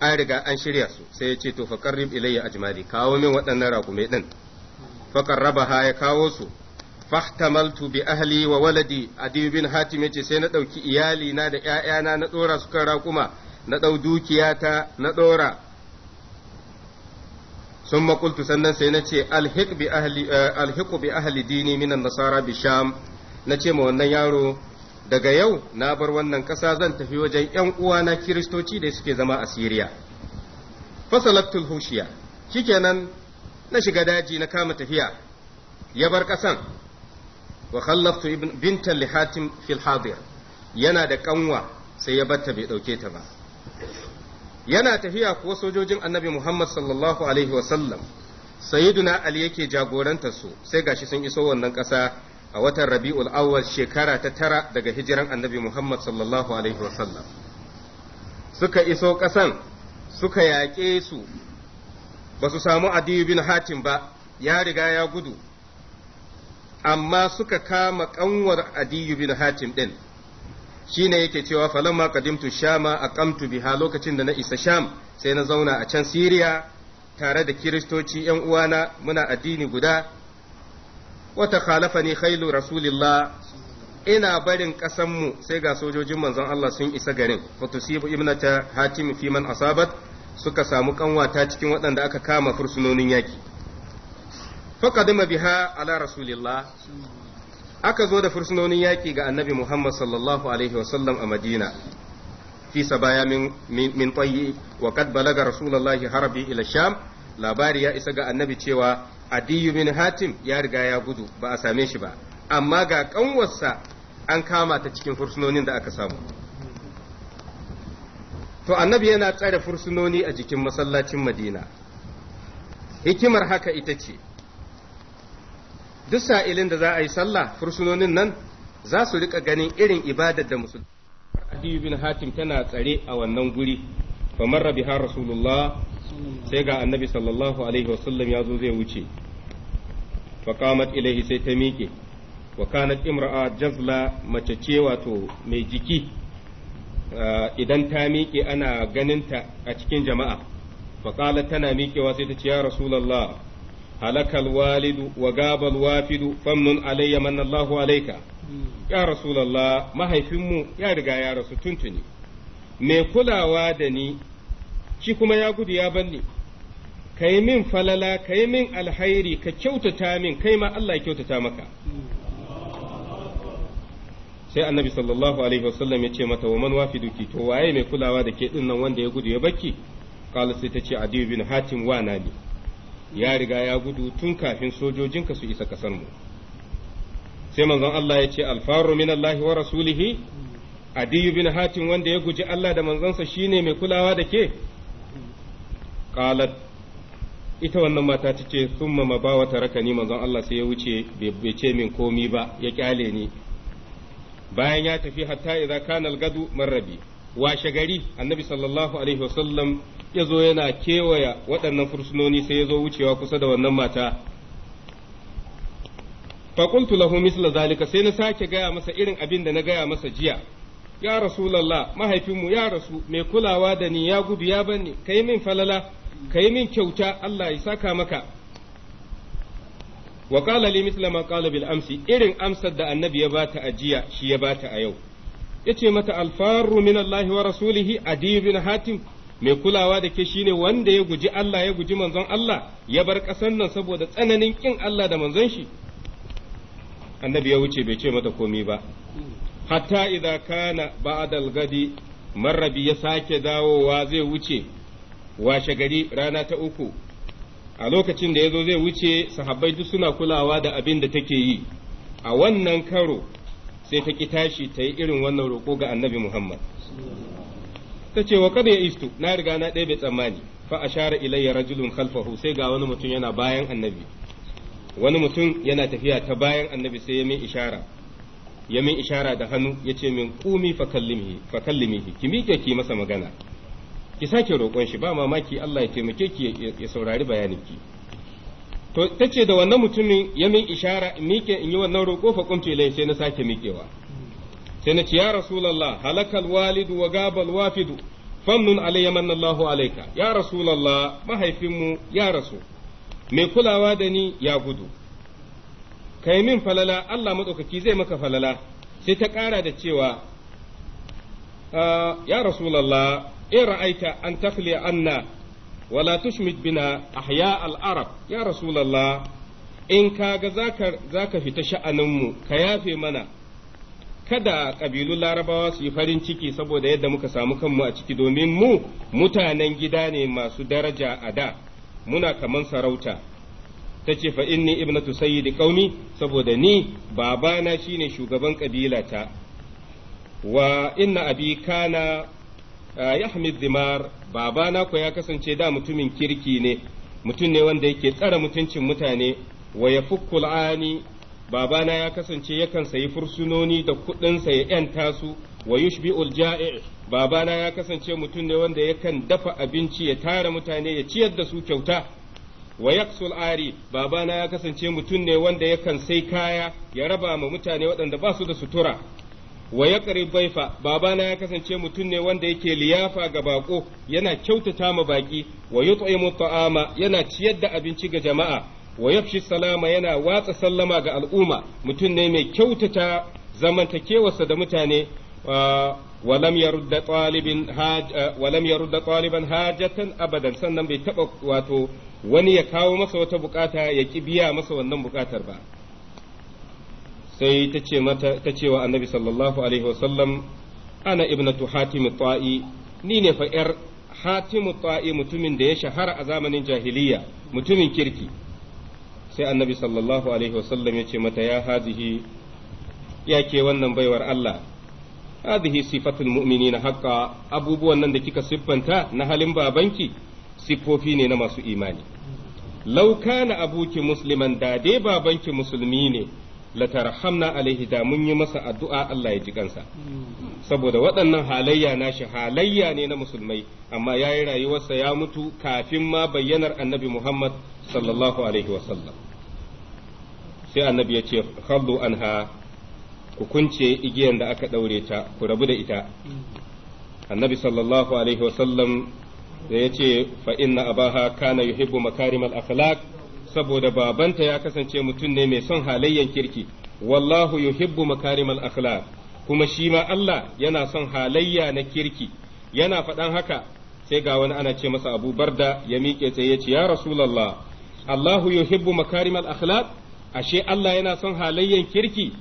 an riga an shirya su sai ya ce to faƙarrib ilayya ajmali kawo min waɗannan raƙumai ɗin faƙarraba ha ya kawo su fahtamaltu bi ahli wa waladi adi bin hatim ce sai na ɗauki iyalina da 'ya'yana na ɗora su kan raƙuma na ɗau dukiyata na ɗora sun makultu sannan sai na ce alhiku eh, bi ahli dini minan nasara bi sham na ce ma wannan yaro daga yau na bar wannan ƙasa zan tafi wajen ‘yan uwana kiristoci da suke zama a siriya fasalattul hushiya shikenan na shiga daji na kama tafiya ya bar ƙasan wa khallaftu bintan lihatim fil yana da ƙanwa sai ya batta bai ɗauke ta ba yana tafiya kuwa sojojin annabi Muhammad sallallahu alaihi wasallam sayyiduna Ali yake jagorantar su sai gashi sun iso wannan ƙasa a watan Rabi'ul Awwal shekara ta tara daga hijiran annabi Muhammad sallallahu alaihi wasallam suka iso ƙasan suka yaƙe su ba su samu Adiyu bin Hatim ba ya riga ya gudu amma suka kama ƙanwar Adiyu bin Hatim ɗin. Shi ne yake cewa falamma qadimtu shama aqamtu biha lokacin da na isa sham sai na zauna a can siriya tare da kiristoci yan uwana muna addini guda Wata khalafa ne khailu rasulillah ina barin mu sai ga sojojin manzon Allah sun isa garin fatusibu ibnata hatim fi man asabat suka samu kanwata cikin waɗanda aka kama fursunonin yaki faqadima biha ala rasulillah aka zo da fursunonin yaƙi ga annabi Muhammad sallallahu alaihi wasallam a Madina fi sabaya min min tayyi wa kad balaga rasulullahi harabi ila sham labari ya isa ga annabi cewa adiyu bin hatim ya riga ya gudu ba a same shi ba amma ga kanwarsa an kama ta cikin fursunonin da aka samu to annabi yana tsare fursunoni a jikin masallacin madina hikimar haka ita ce duk sa'ilin da za a yi sallah fursunonin nan za su rika ganin irin ibadar da musulmi Adiyu bin Hatim tana tsare a wannan guri fa marra biha Rasulullah sai ga Annabi sallallahu alaihi wasallam ya zo zai wuce fa qamat ilaihi sai ta miƙe wa kanat imra'a jazla mace ce wato mai jiki ah, idan ta miƙe ana ganin ta a cikin jama'a fa tana miƙewa sai ta ce ya Rasulullah هلك الوالد وغاب الوافد فمن علي من الله عليك يا رسول الله ما هي فيمو يا رجا يا رسول تنتني mai kulawa da ni kuma ya gudu ya banni ka yi min falala ka yi min alhairi ka kyautata min kai ma Allah ya kyautata maka sai annabi sallallahu alaihi wasallam ya ce mata wa man ki to waye mai kulawa da ke dinnan wanda ya gudu ya baki qala sai ta ce adiyu bin hatim wa nani ya riga ya gudu tun kafin sojojinka su isa kasar mu sai manzon Allah ya ce alfaru min Allah wa rasulihi adiyu bin hatim wanda ya guji Allah da manzansa shine mai kulawa da ke qalat ita wannan mata ta ce summa mabawa tarakani manzon Allah sai ya wuce bai ce min komi ba ya kyale ni bayan ya tafi hatta idza kana al-gadu marrabi washe gari annabi sallallahu alaihi wasallam ya zo yana kewaya waɗannan fursunoni sai ya zo wucewa kusa da wannan mata faƙultu lahu misla zalika sai na sake gaya masa irin abin da na gaya masa jiya ya rasulallah mahaifinmu ya rasu mai kulawa da ni ya gudu ya bani ka yi min falala ka min kyauta Allah ya saka maka wa qala li misla ma qala bil amsi irin amsar da annabi ya bata a jiya shi ya bata a yau yace mata alfaru min Allah wa rasulihi adi bin hatim mai kulawa da ke shine wanda ya guji Allah ya guji manzon Allah ya bar ƙasar nan saboda tsananin kin Allah da manzon shi annabi ya wuce bai ce mata komi ba hatta idza kana ba'da al-gadi marrabi ya sake dawowa zai wuce washe gari rana ta uku a lokacin da ya zo zai wuce sahabbai duk suna kulawa da abin da take yi a wannan karo sai ta ki tashi ta yi irin wannan roƙo ga annabi Muhammad. Ta ce wa kada ya istu na riga na ɗaya bai tsammani fa a share ilayya rajulun khalfahu sai ga wani mutum yana bayan annabi wani mutum yana tafiya ta bayan annabi sai ya min ishara ya min ishara da hannu ya ce min kumi fa kallimihi ki miƙe ki masa magana ki sake roƙon shi ba mamaki Allah ya taimake ki ya saurari bayanin ki to ita ce da wannan mutumin ya min ishara in mike in yi wannan roƙo fa kumce lai sai na sake miƙewa sai na ce ya rasulullah halakal walidu wa gabal wafidu famnun alayya manallahu alayka ya rasulullah mahaifinmu ya rasu mai kulawa da ni ya gudu kai min falala Allah madaukaki zai maka falala sai ta ƙara da cewa ah, ya rasulullah in ra'aita an takhliya anna wala tushmit bina ahya al-arab ya rasulullah in kaga zaka zaka fita sha'aninmu ka yafe mana kada ƙabilun larabawa su yi farin ciki saboda yadda muka samu kanmu a ciki domin mu mutanen gida ne masu daraja a da muna kaman sarauta ta ce fa inni ibnatu sayyidi qaumi saboda ni babana shine shugaban ƙabilata wa inna abi kana yahmid dimar babana ko ya kasance da mutumin kirki ne mutum ne wanda yake tsara mutuncin mutane wa ya ani babana ya kasance yakan sayi fursunoni da kuɗinsa ya ‘yanta su wa yushbi'ul ja'i babana ya kasance mutum ne wanda yakan dafa abinci ya tara mutane ya ciyar da su kyauta wa yaksul ari babana ya kasance mutum ne wanda yakan sai kaya ya raba ma mutane waɗanda ba su da sutura wa ya baifa babana ya kasance mutum ne wanda yake liyafa ga bako yana kyautata ma baki wa yut'imu ta'ama yana ciyar da abinci ga jama'a wa yafshi salama yana watsa sallama ga al'umma mutum ne mai kyautata zamantakewarsa da mutane ولم يرد طالب هاج ولم abadan sannan bai taɓa wato wani ya kawo masa wata bukata ya ki biya masa wannan bukatar ba sai ta ce mata ta ce wa annabi sallallahu alaihi wasallam ana ibnatu hatim ta'i ni ne fa yar hatim ta'i mutumin da ya shahara a zamanin jahiliya mutumin kirki sai annabi sallallahu alaihi wasallam ya ce mata ya hazihi ya ke wannan baiwar Allah hadhihi sifatul mu'minina haqqa abubuwan nan da kika siffanta na halin babanki siffofi ne na masu imani law kana abuki musliman da dai babanki musulmi ne latarhamna alaihi da mun yi masa addu'a Allah ya ji kansa saboda waɗannan halayya nashi halayya ne na musulmai amma ya yi rayuwarsa ya mutu kafin ma bayyanar annabi Muhammad sallallahu alaihi wasallam sai annabi ya ce hallu anha ku kunce igiyar da aka ɗaure ta ku rabu da ita annabi sallallahu alaihi wasallam da ya ce fa inna abaha kana yuhibbu makarimal akhlaq saboda babanta ya kasance mutum ne mai son halayyan kirki wallahu yuhibbu makarimal akhlaq kuma shi ma Allah yana son halayya na kirki yana faɗan haka sai ga wani ana ce masa Abu Barda ya miƙe tsaye ya ce ya Rasulullah Allahu yuhibbu makarimal akhlaq ashe Allah yana son halayyan kirki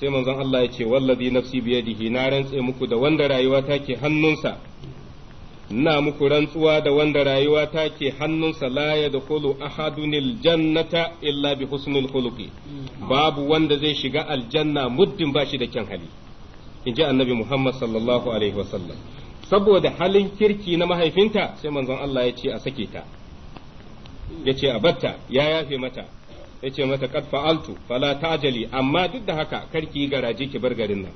sai manzon Allah ya ce wallazi nafsi biyadihi na rantse muku da wanda rayuwa take hannunsa ina muku rantsuwa da wanda rayuwa ta ke hannunsa da da a ahadunil jannata illa bi husnul khuluqi babu wanda zai shiga aljanna muddin bashi da kyan hali inji annabi Muhammad sallallahu alaihi wasallam saboda halin kirki na mahaifinta sai manzon Allah ya ce a sake ta ya ce a batta ya yafe mata ya ce mata kad fa'altu fala ta'jali amma duk da haka karki garaje ki bar garin nan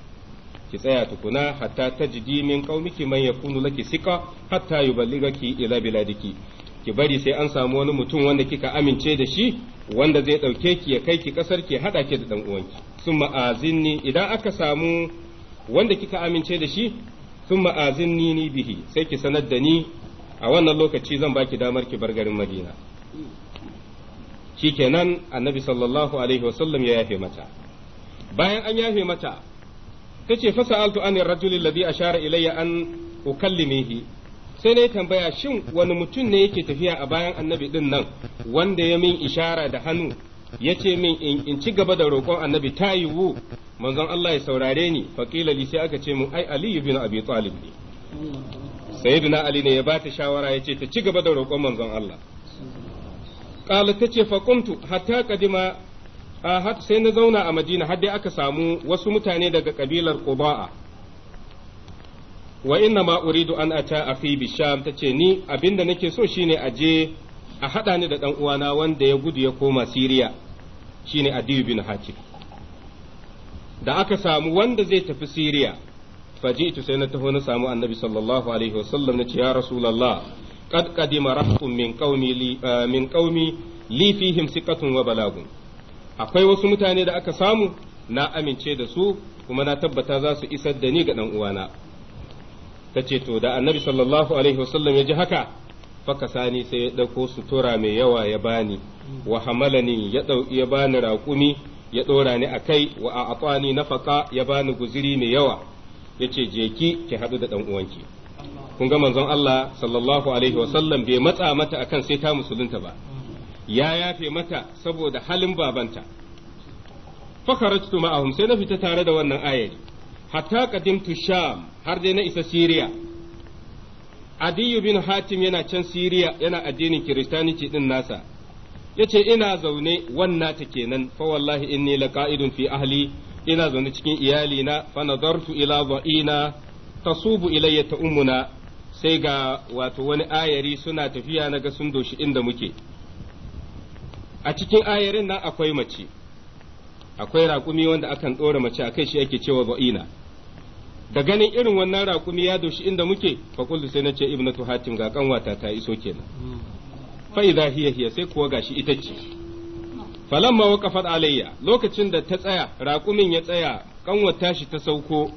ki tsaya tukuna hatta tajidi min qaumiki man yakunu laki sika hatta yuballigaki ila biladiki ki bari sai an samu wani mutum wanda kika amince da shi wanda zai dauke ki ya kai ki kasar ki hada ki da dan uwanki summa azinni idan aka samu wanda kika amince da shi summa azinni ni bihi sai ki sanar da ni a wannan lokaci zan baki damar ki bar garin Madina shikenan annabi sallallahu alaihi wasallam ya yafe mata bayan an yafe mata tace fa sa'altu an ar-rajul alladhi ashara ilayya an ukallimihi sai na tambaya shin wani mutum ne yake tafiya a bayan annabi din nan wanda ya min ishara da hannu ya ce min in ci gaba da roƙon annabi ta yiwu manzon Allah ya saurare ni faƙila li sai aka ce mun ai Ali ibn Abi Talib ne sayyidina Ali ne ya ba ta shawara ya ce ta ci gaba da roƙon manzon Allah qala ta ce faqumtu hatta qadima sai na zauna a madina har dai aka samu wasu mutane daga kabilar quba'a wa inna ma uridu an ata akhi bisham tace ni abinda nake so shine a je a hada ni da dan uwana wanda ya gudu ya koma siriya shine adiyu bin hati da aka samu wanda zai tafi siriya ita sai na taho na samu annabi sallallahu alaihi wasallam nace ya rasulullah qad qadima rafqun min qaumi li min qaumi li fihim siqatun wa balagun akwai wasu mutane da aka samu na amince da su kuma na tabbata za su isar da ni ga ɗan uwana ta ce to da annabi sallallahu alaihi wasallam ya ji haka faka sani sai ya ɗauko sutura mai yawa ya bani wa hamalani ya ya bani raƙumi ya ɗora ni a kai wa a aƙwani nafaka ya bani guziri mai yawa yace ce je ki ki haɗu da ɗan uwanki kun ga manzon Allah sallallahu alaihi wasallam bai matsa mata akan sai ta musulunta ba ya yafe mata saboda halin babanta fakarajtu ma'ahum sai na fita tare da wannan ayari hatta qadimtu sham har dai na isa siriya adiyu bin hatim yana can siriya yana addinin kiristaniti din nasa yace ina zaune wannan ta kenan fa wallahi inni laqa'idun fi ahli ina zaune cikin iyalina fa nadartu ila dha'ina tasubu ilayya ta ummuna sai ga wato wani ayari suna tafiya naga sun doshi inda muke a cikin ayarin nan akwai mace akwai raƙumi wanda akan ɗora mace a kai shi ake cewa ba'ina da ganin irin wannan raƙumi ya doshi inda muke fakultu sai na ce ibnatu hatim ga kanwata ta iso kenan fa idza hiya hiya sai kuwa gashi ita ce falamma waqafat alayya lokacin da ta tsaya raƙumin ya tsaya kanwata shi ta sauko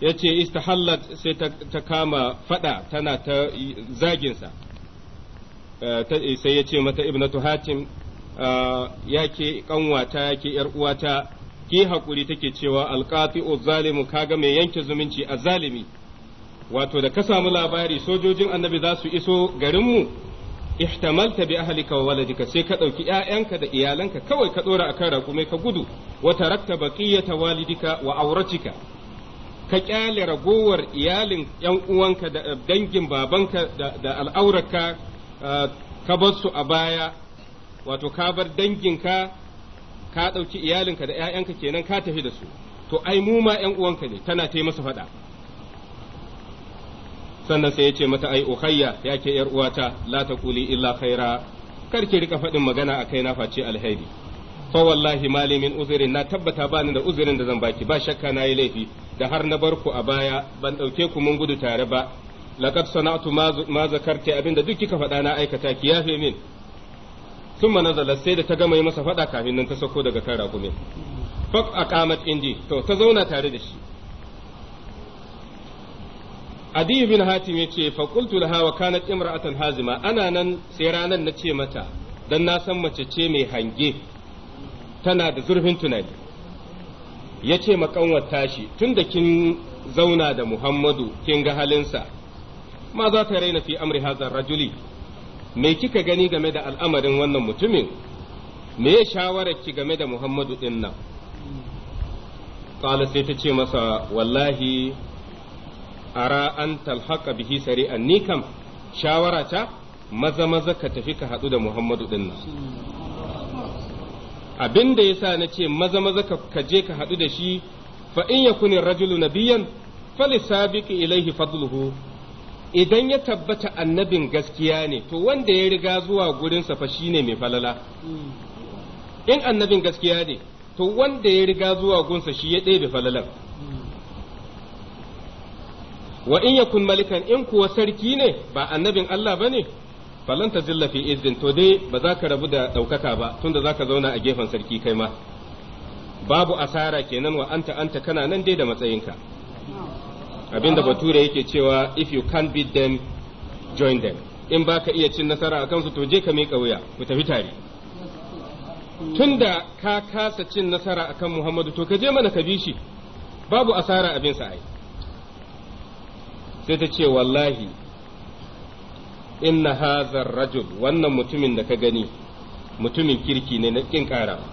yace istahallat sai ta kama fada tana ta zaginsa Eh, eh, sai ya ce mata ibnatu hatim eh, ya ke kanwata ya ke uwata ki haƙuri take cewa alƙati'u zalimu kaga mai yanke zumunci a zalimi wato da ka samu labari sojojin annabi za su iso garinmu ihtamalta bi ahlika wa waladika sai ka ɗauki ƴaƴanka da iyalanka kawai ka ɗora akan raƙumai ka gudu wa tarakta baqiyata walidika wa auratika ka kyale ragowar iyalin ƴan uwanka da dangin babanka da al'aurarka Ah, ka bar su a baya wato ka bar danginka ka ɗauki iyalinka da 'ya'yanka kenan ka tafi da su to ai mu ma 'yan uwanka ne tana ta masa faɗa sannan sai ya ce mata ai ohayya ya ke yar uwata la taquli illa khaira kar ki rika faɗin magana a kai na face alheri fa wallahi malimin uzurin na tabbata ba ni da uzurin da zan baki ba shakka na yi laifi da har na bar ku a baya ban ɗauke ku mun gudu tare ba laqad sana'tu ma zakarti abinda duk kika faɗa na aikata ki yafe min ma nazala sai da ta gama yi masa faɗa kafin nan ta sauko daga kan raƙumin a aqamat indi to ta zauna tare da shi adi bin hatim yace fa qultu laha wa kanat imra'atan hazima ana nan sai ranar na ce mata dan na san mace ce mai hange tana da zurfin tunani yace makanwar tashi tunda kin zauna da Muhammadu kin ga halinsa ma za ta raina fi amri hazar rajuli me kika gani game da al'amarin wannan mutumin me ya ki game da muhammadu din nan sai ta ce masa wallahi ara an talhaka bihi sari'an ni kam shawara ta maza maza ka tafi ka haɗu da muhammadu din nan abin da yasa na ce maza maza ka je ka haɗu da shi fa in yakuni rajulu nabiyan falisabiqi ilaihi fadluhu idan ya tabbata annabin gaskiya ne to wanda ya riga zuwa gurinsa fa shine mai falala in annabin gaskiya ne to wanda ya riga zuwa gunsa shi ya ɗebe falalan wa in yakun malikan in kuwa sarki ne ba annabin Allah bane falan ta zilla fi izin to dai ba za ka rabu da ɗaukaka ba tunda za ka zauna a gefen sarki kai ma babu asara kenan wa anta anta kana nan dai da matsayinka abinda bature yake cewa if you can't beat them join them in ba ka iya cin nasara a kansu to je ka miƙa wuya ku tafi tare tunda ka kasa cin nasara a kan Muhammadu to ka je mana ka bi shi babu asara abin sa ai sai ta ce wallahi inna hazar rajul wannan mutumin da ka gani mutumin kirki ne na kin karawa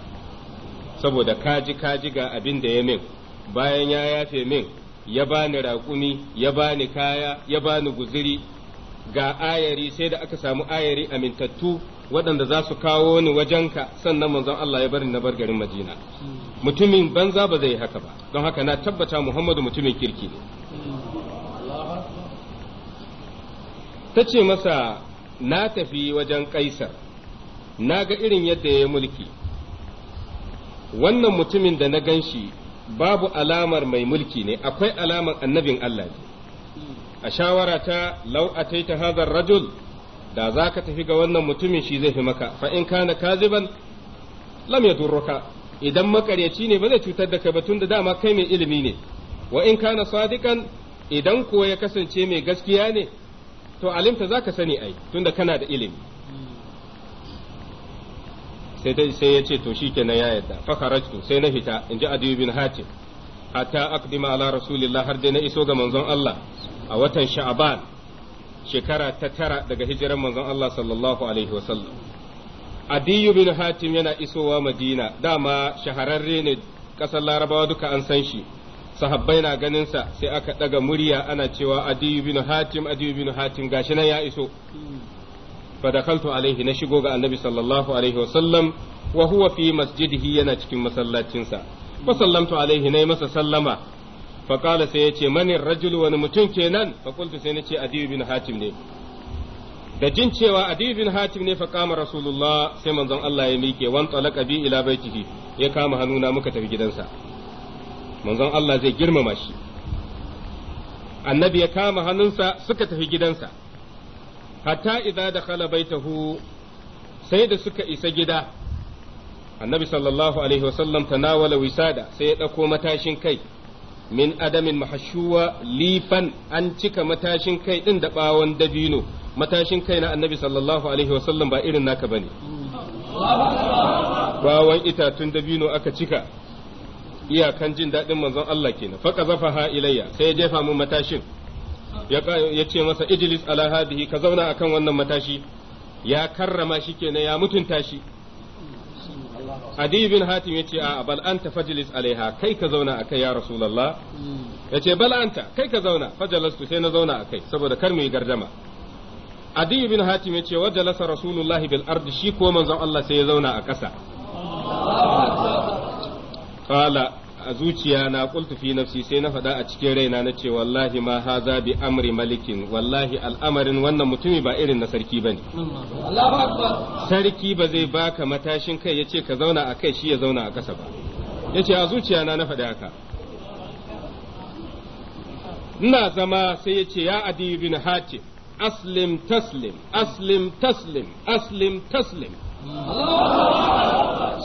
saboda kaji kaji ga abin da ya min bayan ya yafe min ya bani raƙumi ya bani kaya ya bani guziri ga ayari sai da aka samu ayari amintattu waɗanda za su kawo ni wajenka sannan manzon Allah ya bari na bar garin Madina mutumin banza ba zai haka ba don haka na tabbata Muhammadu mutumin kirki ne ta ce masa na tafi wajen kaisar na ga irin yadda ya yi mulki wannan mutumin da na gan shi babu alamar mai mulki ne akwai alamar annabin Allah ne a shawara ta lau ataita hadar rajul da za ka tafi ga wannan mutumin shi zai fi maka fa in kana kaziban lam yadurruka idan makaryaci ne ba zai cutar da kai ba tunda dama kai mai ilimi ne wa in kana sadikan idan ko ya kasance mai gaskiya ne to alimta zaka sani ai tunda kana da ilimi sai dai sai ya ce to shikenan ya yadda fa kharajtu sai na fita in ji adiyu bin hatim hatta aqdima ala rasulillah har dai na iso ga manzon Allah a watan sha'aban shekara ta tara daga hijiran manzon Allah sallallahu alaihi sallam adiyu bin hatim yana isowa madina dama shahararre ne kasar larabawa duka an san shi sahabbai na ganin sa sai aka daga murya ana cewa adiyu bin hatim adiyu bin hatim gashi nan ya iso fa dakaltu alaihi na shigo ga annabi sallallahu alaihi wasallam wa huwa fi masjidihi yana cikin masallacinsa fa sallamtu alaihi nayi masa sallama fa yace mani rajul wani mutum kenan fa qultu sai nace adiyu bin hatim ne da jin cewa adiyu bin hatim ne fa kama rasulullah sai manzon Allah ya mike wan lakabi ila baitihi ya kama hannuna muka tafi gidansa manzon Allah zai girmama shi annabi ya kama hannunsa suka tafi gidansa hatta idza dakhala baitahu sai da suka isa gida annabi sallallahu alaihi wasallam tanawala wisada sai ya ɗauko matashin kai min adamin mahashuwa lifan an cika matashin kai ɗin da ɓawon dabino matashin kai na annabi sallallahu alaihi wasallam ba irin naka bane bawon itatun dabino aka cika iyakan jin daɗin manzon Allah kenan faqa zafaha ilayya sai ya jefa mun matashin ya ce masa ijlis ala hadihi ka zauna akan wannan matashi ya karrama shi kenan ya mutunta shi Adi bin Hatim ya ce a bal anta fajlis alaiha kai ka zauna akai ya Rasulullah ya ce bal anta kai ka zauna fajalastu sai na zauna akai saboda kar mu yi gardama Adi bin Hatim ya ce wajalasa Rasulullah bil ardi shi ko manzon Allah sai ya zauna a ƙasa qala a zuciya na qultu fi nafsi sai na faɗa a cikin raina na ce wallahi ma haza bi amri malikin wallahi al'amarin wannan mutumi ba irin na sarki bane sarki ba zai baka matashin kai yace ka zauna a kai shi ya zauna a ƙasa ba yace a zuciya na na faɗi haka ina zama sai yace ya adi bin hatim aslim taslim aslim taslim aslim taslim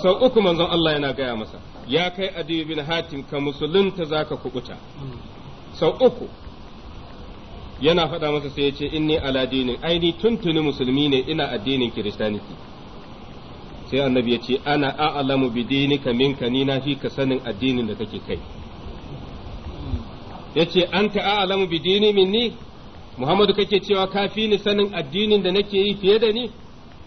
sau uku manzon Allah yana gaya masa ya kai adiyu bin hatim ka musulunta za ka kubuta sau uku yana faɗa masa sai ya ce inni ala dinin aini tuntuni musulmi ne ina addinin kiristaniti sai annabi ya ce ana a'lamu bi dinika minka ni na fi ka sanin addinin da kake kai yace anta a'lamu bi dini minni muhammadu kake cewa ka fi ni sanin addinin da nake yi fiye da ni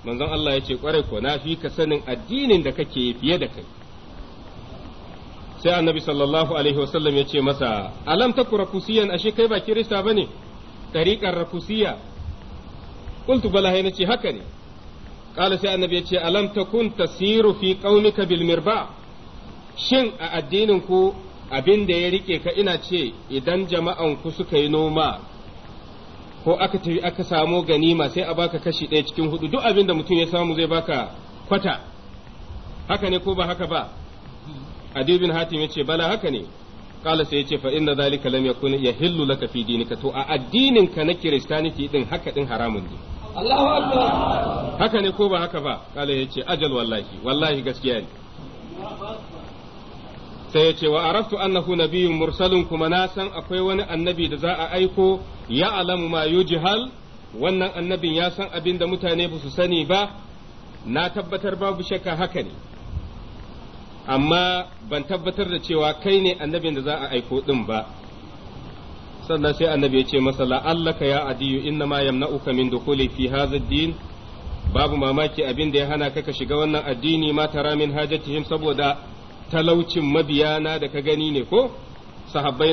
manzon Allah ya ce kwarai ko na fi ka sanin addinin da kake yi fiye da kai sai annabi sallallahu alaihi wasallam ya ce masa alam takura kusiyan ashe kai ba kirista bane tariqar rakusiya qultu bala hayna ce haka ne qala sai annabi ya ce alam takun tasiru fi qaumika bil mirba shin a addinin ku abin ya rike ka ina ce idan jama'an ku suka yi noma ko aka tafi aka samu ganima sai a baka kashi ɗaya cikin hudu duk abin da mutum ya samu zai baka kwata haka ne ko ba haka ba adi bin hatim yace bala haka ne kala sai yace fa inna zalika lam yakun yahillu laka fi dinika to a addinin ka na kiristaniti din haka din haramun ne Allahu akbar haka ne ko ba haka ba kala yace ajal wallahi wallahi gaskiya ne sai yace wa araftu annahu nabiyyun mursalun kuma na san akwai wani annabi da za a aiko ya alamu ma yujhal wannan annabin ya san abin da mutane ba su sani ba na tabbatar babu shakka haka ne amma ban tabbatar da cewa kai ne annabin da za a aiko din ba sannan sai annabi ya ce masa la'allaka ya adiyu inna ma yamna'uka min dukhuli fi hadha din babu mamaki abin da ya hana ka ka shiga wannan addini ma tara min hajatihim saboda talaucin mabiyana da ka gani ne ko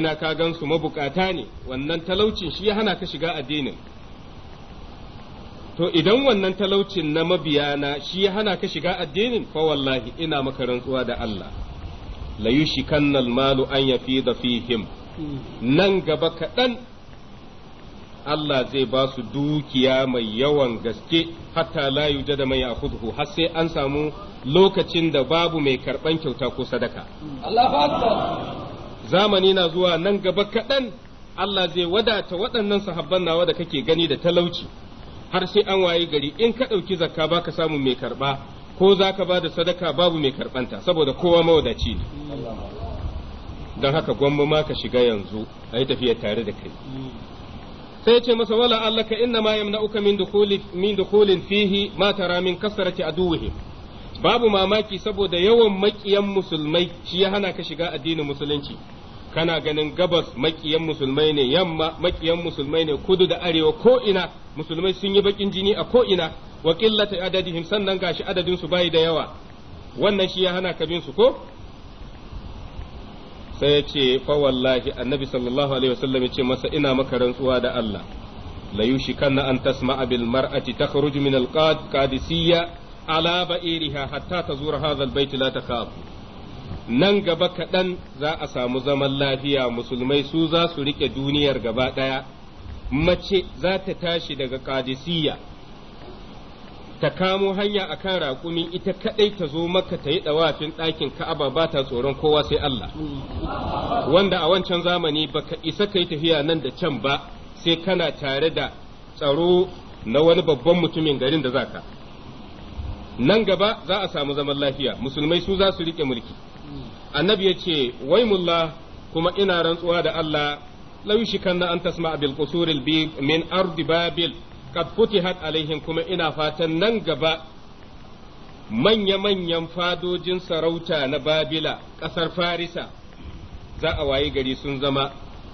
na ka gan su mabukata ne wannan talaucin shi ya hana ka shiga addinin to idan wannan talaucin na mabiyana shi ya hana ka shiga addinin fa wallahi ina maka rantsuwa da Allah la yushikanna almalu an yafida fihim nan gaba kaɗan Allah zai ba su dukiya mai yawan gaske hatta la yujada man ya'khudhu har sai an samu lokacin da babu mai karban kyauta ko sadaka Allahu akbar zamani na zuwa nan gaba kaɗan Allah zai wadata waɗannan sahabban nawa da kake gani da talauci har sai an waye gari in ka ɗauki zakka ba ka samu mai karɓa ko za ka ba da sadaka babu mai karɓanta saboda kowa mawadaci ne don haka gwamma ma ka shiga yanzu a yi tafiya tare da kai sai ce masa wala Allah ka inna ma yamna'uka min min fihi ma tara min kasrati babu mamaki saboda yawan makiyan musulmai shi ya hana ka shiga addinin musulunci kana ganin gabas makiyan musulmai ne yamma makiyan musulmai ne kudu da arewa ko ina musulmai sun yi bakin jini a ko ina wa qillati adadihim sannan gashi adadin su bai da yawa wannan shi ya hana ka bin su ko sai ya ce fa wallahi annabi sallallahu alaihi wasallam ya ce masa ina maka rantsuwa da Allah la yushikanna an tasma'a bil mar'ati takhruju min al qadisiyya ala ba'iriha hatta tazura hadha al bayt la takhafu nan gaba kaɗan za a samu zaman lafiya musulmai su za su riƙe duniyar gaba ɗaya mace za ta tashi daga ƙadisiyya ta kamo hanya a kan raƙumi ita kaɗai ta zo maka ta yi ɗawafin ɗakin ka'aba ba ta tsoron kowa sai Allah wanda a wancan zamani ba ka isa ka yi tafiya nan da can ba sai kana tare da tsaro na wani babban mutumin garin da za ka nan gaba za a samu zaman lafiya musulmai su za su riƙe mulki annabi ya ce mulla kuma ina rantsuwa da Allah laushikan na an tasma bil qusuril bi min ardi babil kad futihat alaihim kuma ina fatan nan gaba manya-manyan fadojin sarauta na babila ƙasar farisa za a wayi gari sun zama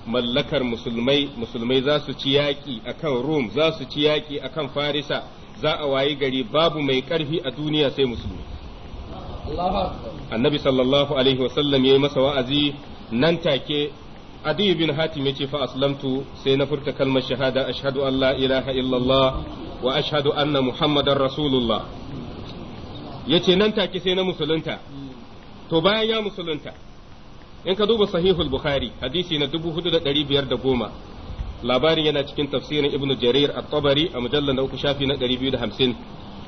mallakar musulmai musulmai za su ci yaƙi akan rom za su ci yaki akan farisa za a wayi gari babu mai ƙarfi a duniya sai musulmi annabi sallallahu alaihi wasallam ya yi masa wa'azi nan take adi bin hatim ya ce fa aslamtu sai na furta kalmar shahada ashhadu an la ilaha illallah wa ashhadu anna muhammadar rasulullah ya ce nan take sai na musulunta to bayan ya musulunta in ka duba sahihul bukhari hadisi na 4510 labarin yana cikin tafsirin ibnu jarir at-tabari a mujallal na uku shafi na 250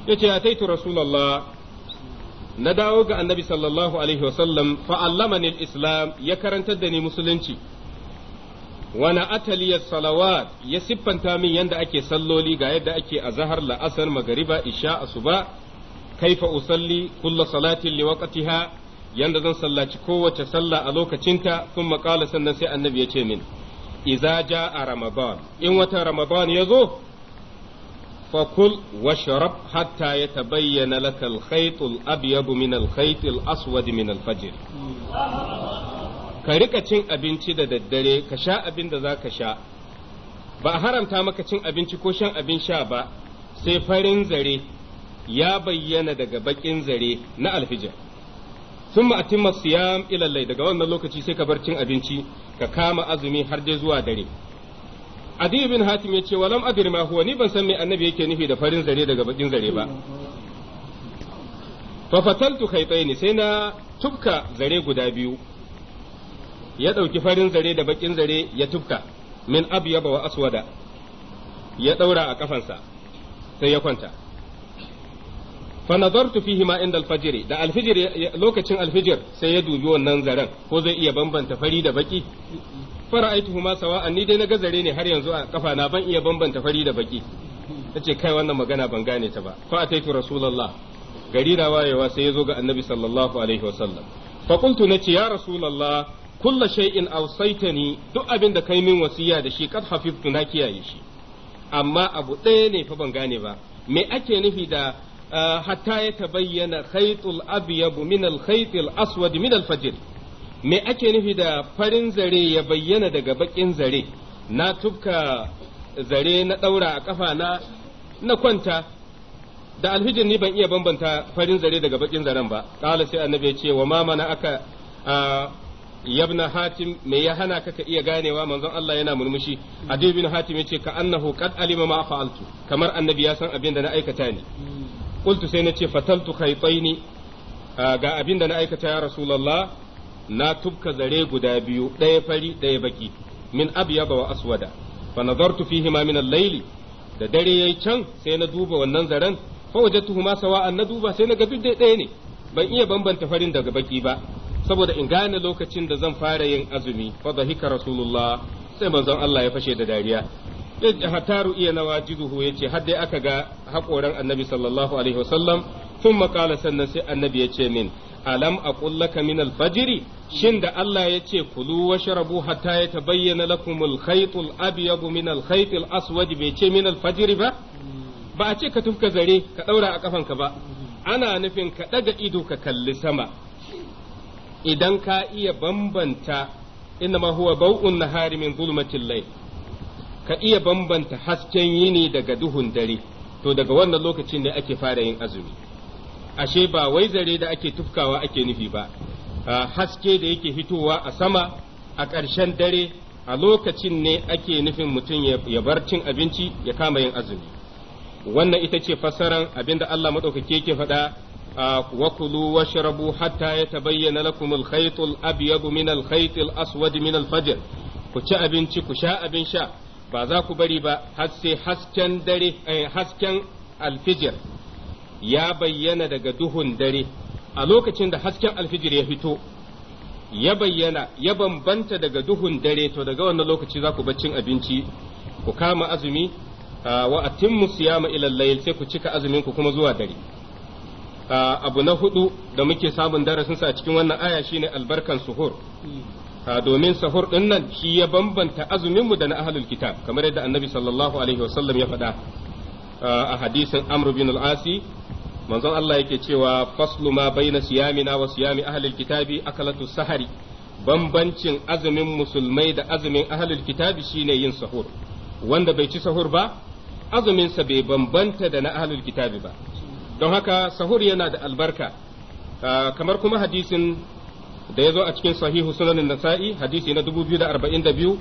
yace ataitu rasulullah na dawo ga annabi sallallahu alaihi wasallam fa'allamani islam ya karantar da ni musulunci wani ataliyar salawat ya siffanta min yadda ake salloli ga yadda ake a zahar la'asar magariba isha asuba kaifa usalli kulla salatin liwaqatiha yanda zan sallaci kowace sallah a lokacinta sun maƙala sannan sai annabi ya ce min iza ja a ramadan in wata ramadan ya zo فكل واشرب حتى يتبين لك الخيط الأبيض من الخيط الأسود من الفجر ka rika cin abinci da daddare ka sha abin da za ka sha ba a haramta maka cin abinci ko shan abin sha ba sai farin zare ya bayyana daga baƙin zare na alfijir sun ma'atin masu yam ilallai daga wannan lokaci sai ka bar cin abinci ka kama azumi har dai zuwa dare adi bin hatim ya ce walam adir ma huwa ni ban san me annabi yake nufi da farin zare daga bakin zare ba fa fataltu khaytaini sai na tubka zare guda biyu ya dauki farin zare da bakin zare ya tubka min abyaba wa aswada ya daura a kafansa sai ya kwanta fa nazartu fihi ma inda alfajr da alfijir lokacin alfijir sai ya dubi wannan zaren ko zai iya bambanta fari da baki fara'aituhuma sawa'an ni dai na gazare ne har yanzu a kafa na ban iya bambanta fari da baki tace kai wannan magana ban gane ta ba fa ataitu rasulullah gari na wayewa sai yazo ga annabi sallallahu alaihi wasallam fa qultu nace ya rasulullah kullu shay'in awsaitani duk abin da kai min wasiya da shi kad hafiftu na kiyaye shi amma abu ɗaya ne fa ban gane ba me ake nufi da ah, hatta ya tabayyana khaytul abyad min al khaytil aswad min al fajr me ake nufi da farin zare ya bayyana daga bakin zare na tubka zare na ɗaura a ƙafa na na kwanta da alhijin ni ban iya bambanta farin zare daga bakin zaren ba ƙala sai annabi ya ce wa ma mana aka yabna hatim me ya hana ka ka iya ganewa manzon Allah yana murmushi adibin bin hatim ya ce ka annahu qad alima ma fa'altu kamar annabi ya san abin da na aikata ne qultu sai na ce fataltu khaytaini ga abin da na aikata ya rasulullah na tubka zare guda biyu ɗaya fari ɗaya baki min abyada wa aswada fa nazartu fihima min al-layli da dare yayi can sai na duba wannan zaren fa wajadtuhuma sawa'an na duba sai na ga duk ɗaya ne ban iya bambanta farin daga baki ba saboda in gane lokacin da zan fara yin azumi fa dhahika rasulullah sai manzon Allah ya fashe da dariya hataru iya nawajiduhu yace har dai aka ga hakoran annabi sallallahu alaihi wasallam thumma qala sannan sai annabi yace min alam a ƙulla min al shin da Allah ya ce kulu washrabu hatta yatabayyana lakum al-khayt al-abyad min al aswad bai ce min al ba ba a ce ka tufka zare ka daura a kafanka ba ana nufin ka daga ido ka kalli sama idan ka iya bambanta inma huwa bau'un nahari min zulmatil layl ka iya bambanta hasken yini daga duhun dare to daga wannan lokacin ne ake fara yin azumi ashe ba wai zare da ake tufkawa ake nufi ba haske da yake fitowa a sama a ƙarshen dare a lokacin ne ake nufin mutum ya bar cin abinci ya kama yin azumi wannan ita ce fassaran abinda Allah maɗaukaki yake faɗa wa kulu washrabu hatta yatabayyana lakum al-khayt abyadu abyad min al-khayt aswad min al-fajr ku ci abinci ku sha abin sha ba za ku bari ba har sai hasken dare eh, hasken alfijir ya bayyana daga duhun dare a lokacin da hasken alfijir ya fito ya bayyana ya bambanta daga duhun dare to daga wannan lokaci za ku baccin abinci ku kama azumi wa atimmu siyama ila sai ku cika azumin ku kuma zuwa dare abu na hudu da muke samun darasin sa a cikin wannan aya shine albarkan suhur domin suhur din nan shi ya bambanta azuminmu da na ahlul kitab kamar yadda annabi sallallahu alaihi wasallam ya faɗa a hadisin amr bin al-asi manzon Allah yake cewa faslu ma baina siyamina wa siyami ahlil kitabi akalatu sahari bambancin azumin musulmai da azumin ahlil kitabi shine yin sahur wanda bai ci sahur ba azuminsa bai bambanta da na ahlul kitabi ba don haka sahur yana da albarka kamar kuma hadisin da ya zo a cikin sahihu sunanin nasa'i hadisi na 2042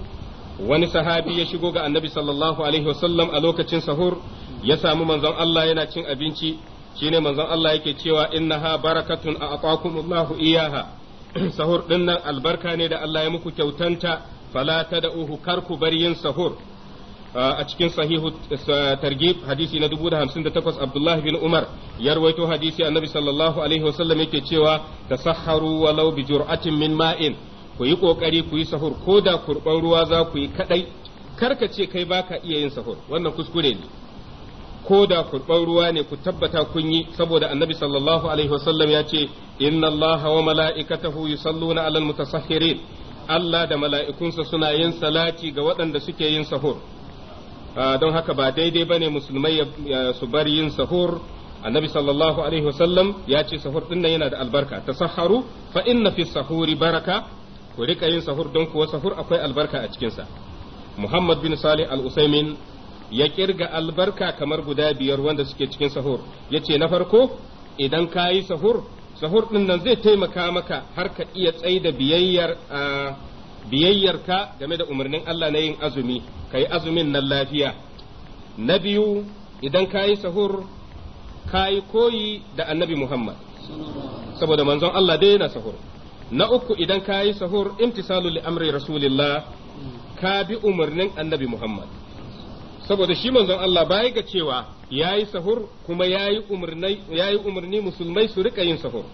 wani sahabi ya shigo ga annabi sallallahu alaihi wasallam a lokacin sahur ya samu manzon Allah yana cin abinci shine manzon Allah yake cewa innaha barakatun a aqakumullahu iyaha sahur nan albarka ne da Allah ya muku kyautanta fala tad'uhu kar ku bar yin sahur a cikin sahihu Targib hadisi na 1058 Abdullah bin Umar ya rawaito hadisi annabi sallallahu alaihi wasallam yake cewa tasahharu walau bi jur'atin min ma'in ku yi kokari ku yi sahur ko da kurban ruwa za ku yi kadai karka ce kai baka iya yin sahur wannan kuskure ne ko da kurban ruwa ne ku tabbata kun yi saboda annabi sallallahu alaihi wasallam ya ce inna allaha wa mala'ikatahu yusalluna alal mutasahhirin Allah da mala'ikunsa suna yin salati ga waɗanda suke yin sahur ah, don haka ba daidai bane musulmai su bar yin sahur annabi sallallahu alaihi wasallam ya ce sahur din yana da albarka tasahharu fa inna fi sahuri baraka ku rika yin sahur don kuwa sahur akwai albarka a cikinsa muhammad bin salih al-usaimin ya kirga albarka kamar guda biyar wanda suke cikin sahur ya ce na farko idan ka yi sahur sahur ɗin nan zai taimaka maka har ka iya tsai da biyayyar biyayyarka game da umarnin Allah na yin azumi ka yi azumin nan lafiya na biyu idan ka yi sahur ka yi koyi da annabi Muhammad saboda manzon Allah dai yana sahur na uku idan ka yi sahur imtisalu li amri rasulillah ka bi umarnin annabi Muhammad saboda shi manzon Allah baya ga cewa yayi sahur kuma yayi umarni yayi umarni musulmai su rika yin sahur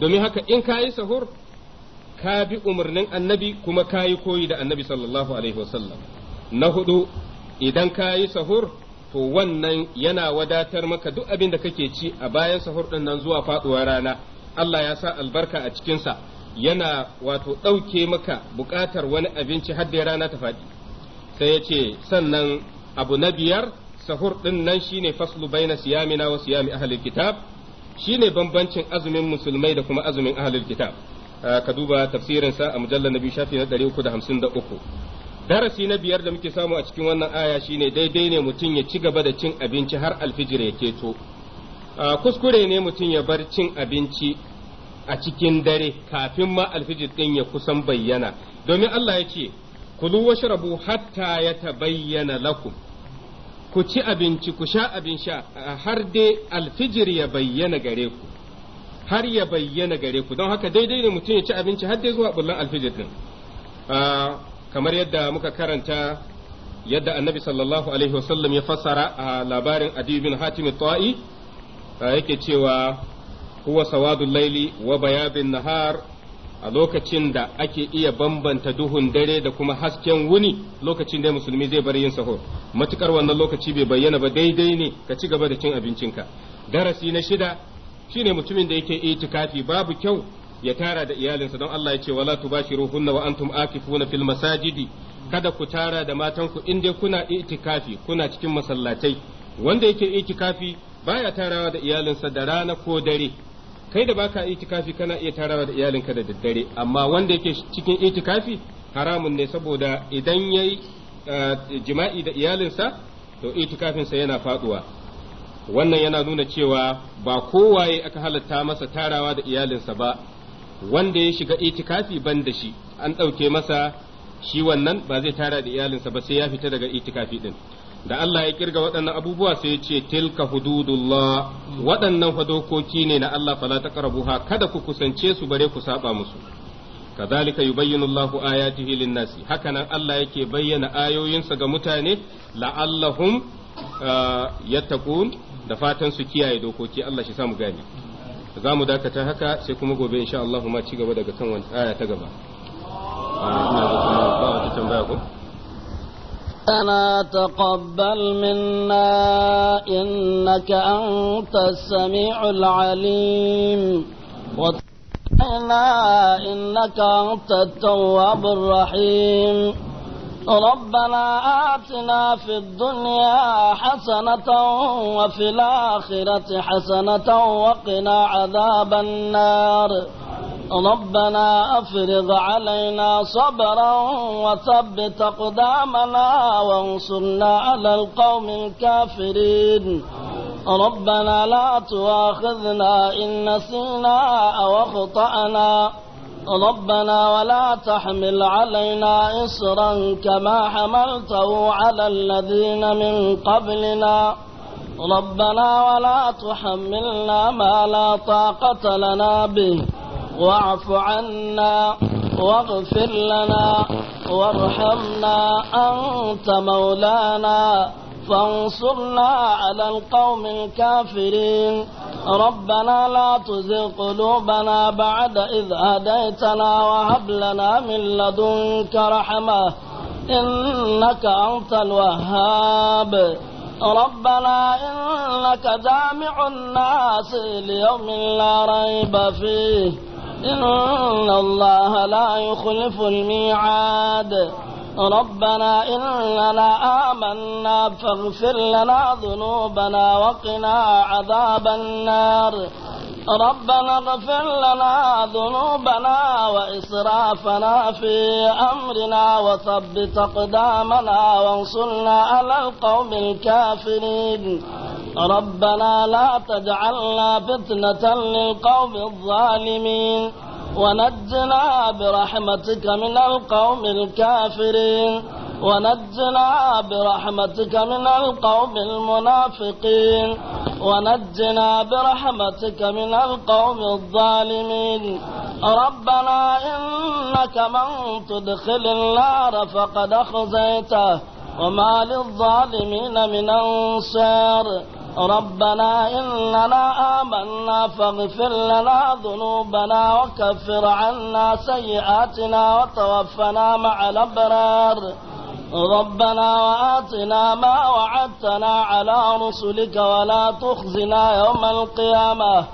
domin haka in kayi sahur ka bi umarnin annabi kuma kayi koyi da annabi sallallahu alaihi wasallam na hudu idan kayi sahur to wannan yana wadatar maka duk abin da kake ci a bayan sahur din nan zuwa faduwar rana Allah ya sa albarka a cikin sa yana wato ɗauke maka buƙatar wani abinci har da rana ta faɗi sai yace sannan abu na biyar sahur din nan shine faslu baina siyamina wa siyami ahlil kitab shine bambancin azumin musulmai da kuma azumin ahlil kitab ah, ka duba tafsirinsa a mujallar na biyu shafi na uku darasi na biyar da muke samu a cikin wannan aya shine daidai ne mutum ya ci gaba da cin abinci har alfijir ya keto ah, kuskure ne mutum ya bar cin abinci a cikin dare kafin ma alfijir din ya kusan bayyana domin Allah ya ce kulu washrabu hatta ya bayyana lakum ku ci abinci ku sha abin sha har dai alfijir ya bayyana gare ku har ya bayyana gare ku don haka daidai ne mutum ya ci abinci har dai zuwa bullan alfijir din kamar yadda muka karanta yadda annabi sallallahu alaihi wasallam ya fassara a labarin adi bin hatim ta'i yake cewa huwa sawadul laili wa bayadun nahar a lokacin da ake iya bambanta duhun dare da kuma hasken wuni lokacin da musulmi zai bar yin sahur matukar wannan lokaci bai bayyana ba daidai ne ka ci gaba da cin abincinka darasi na shida shine mutumin da yake itikafi babu kyau ya tara da iyalinsa don Allah ya ce wala tubashiruhunna wa antum akifuna fil masajidi kada ku tara da matanku in dai kuna itikafi kuna cikin masallatai wanda yake itikafi baya tarawa da iyalinsa da rana ko dare kai da baka itikafi kana iya tarawa da iyalinka da daddare amma wanda yake cikin itikafi haramun ne saboda idan yayi eh, jima'i da iyalinsa to itikafinsa yana faduwa wannan yana nuna cewa ba kowaye aka halatta masa tarawa da iyalinsa ba wanda ya shiga itikafi ban da shi an ɗauke masa shi wannan ba zai tara da iyalinsa ba sai ya fita daga itikafi din da Allah ya kirga waɗannan abubuwa sai ya ce tilka hududullah waɗannan hudokoki ne na Allah fala taqrabuha kada ku kusance su bare ku saba musu kazalika yubayyinu Allahu ayatihi lin-nasi hakanan Allah yake bayyana ayoyinsa ga mutane la'allahum uh, yattaqun da fatan su kiyaye dokoki Allah shi samu gani za mu dakata haka sai kuma gobe insha Allah ma ci gaba daga kan aya ta gaba ah, ba ta tambaya ku ربنا تقبل منا إنك أنت السميع العليم وتقبلنا إنك أنت التواب الرحيم ربنا آتنا في الدنيا حسنة وفي الآخرة حسنة وقنا عذاب النار ربنا أفرض علينا صبرا وثبت أقدامنا وانصرنا على القوم الكافرين ربنا لا تؤاخذنا إن نسينا أو أخطأنا ربنا ولا تحمل علينا إصرا كما حملته على الذين من قبلنا ربنا ولا تحملنا ما لا طاقة لنا به واعف عنا واغفر لنا وارحمنا أنت مولانا فانصرنا على القوم الكافرين ربنا لا تزغ قلوبنا بعد إذ هديتنا وهب لنا من لدنك رحمة إنك أنت الوهاب ربنا إنك جامع الناس ليوم لا ريب فيه إن الله لا يخلف الميعاد ربنا إننا آمنا فاغفر لنا ذنوبنا وقنا عذاب النار ربنا اغفر لنا ذنوبنا وإسرافنا في أمرنا وثبت أقدامنا وانصرنا على القوم الكافرين ربنا لا تجعلنا فتنة للقوم الظالمين ونجنا برحمتك من القوم الكافرين ونجنا برحمتك من القوم المنافقين ونجنا برحمتك من القوم الظالمين ربنا إنك من تدخل النار فقد أخزيته وما للظالمين من أنصار ربنا إننا آمنا فاغفر لنا ذنوبنا وكفر عنا سيئاتنا وتوفنا مع الأبرار ربنا وآتنا ما وعدتنا على رسلك ولا تخزنا يوم القيامة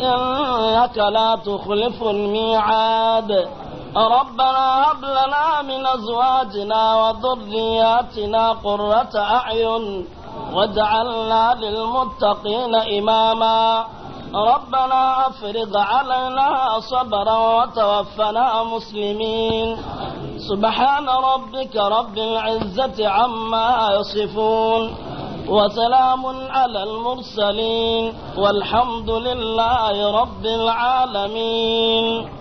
إنك لا تخلف الميعاد ربنا هب لنا من أزواجنا وذرياتنا قرة أعين واجعلنا للمتقين إماما ربنا أفرغ علينا صبرا وتوفنا مسلمين سبحان ربك رب العزة عما يصفون وسلام على المرسلين والحمد لله رب العالمين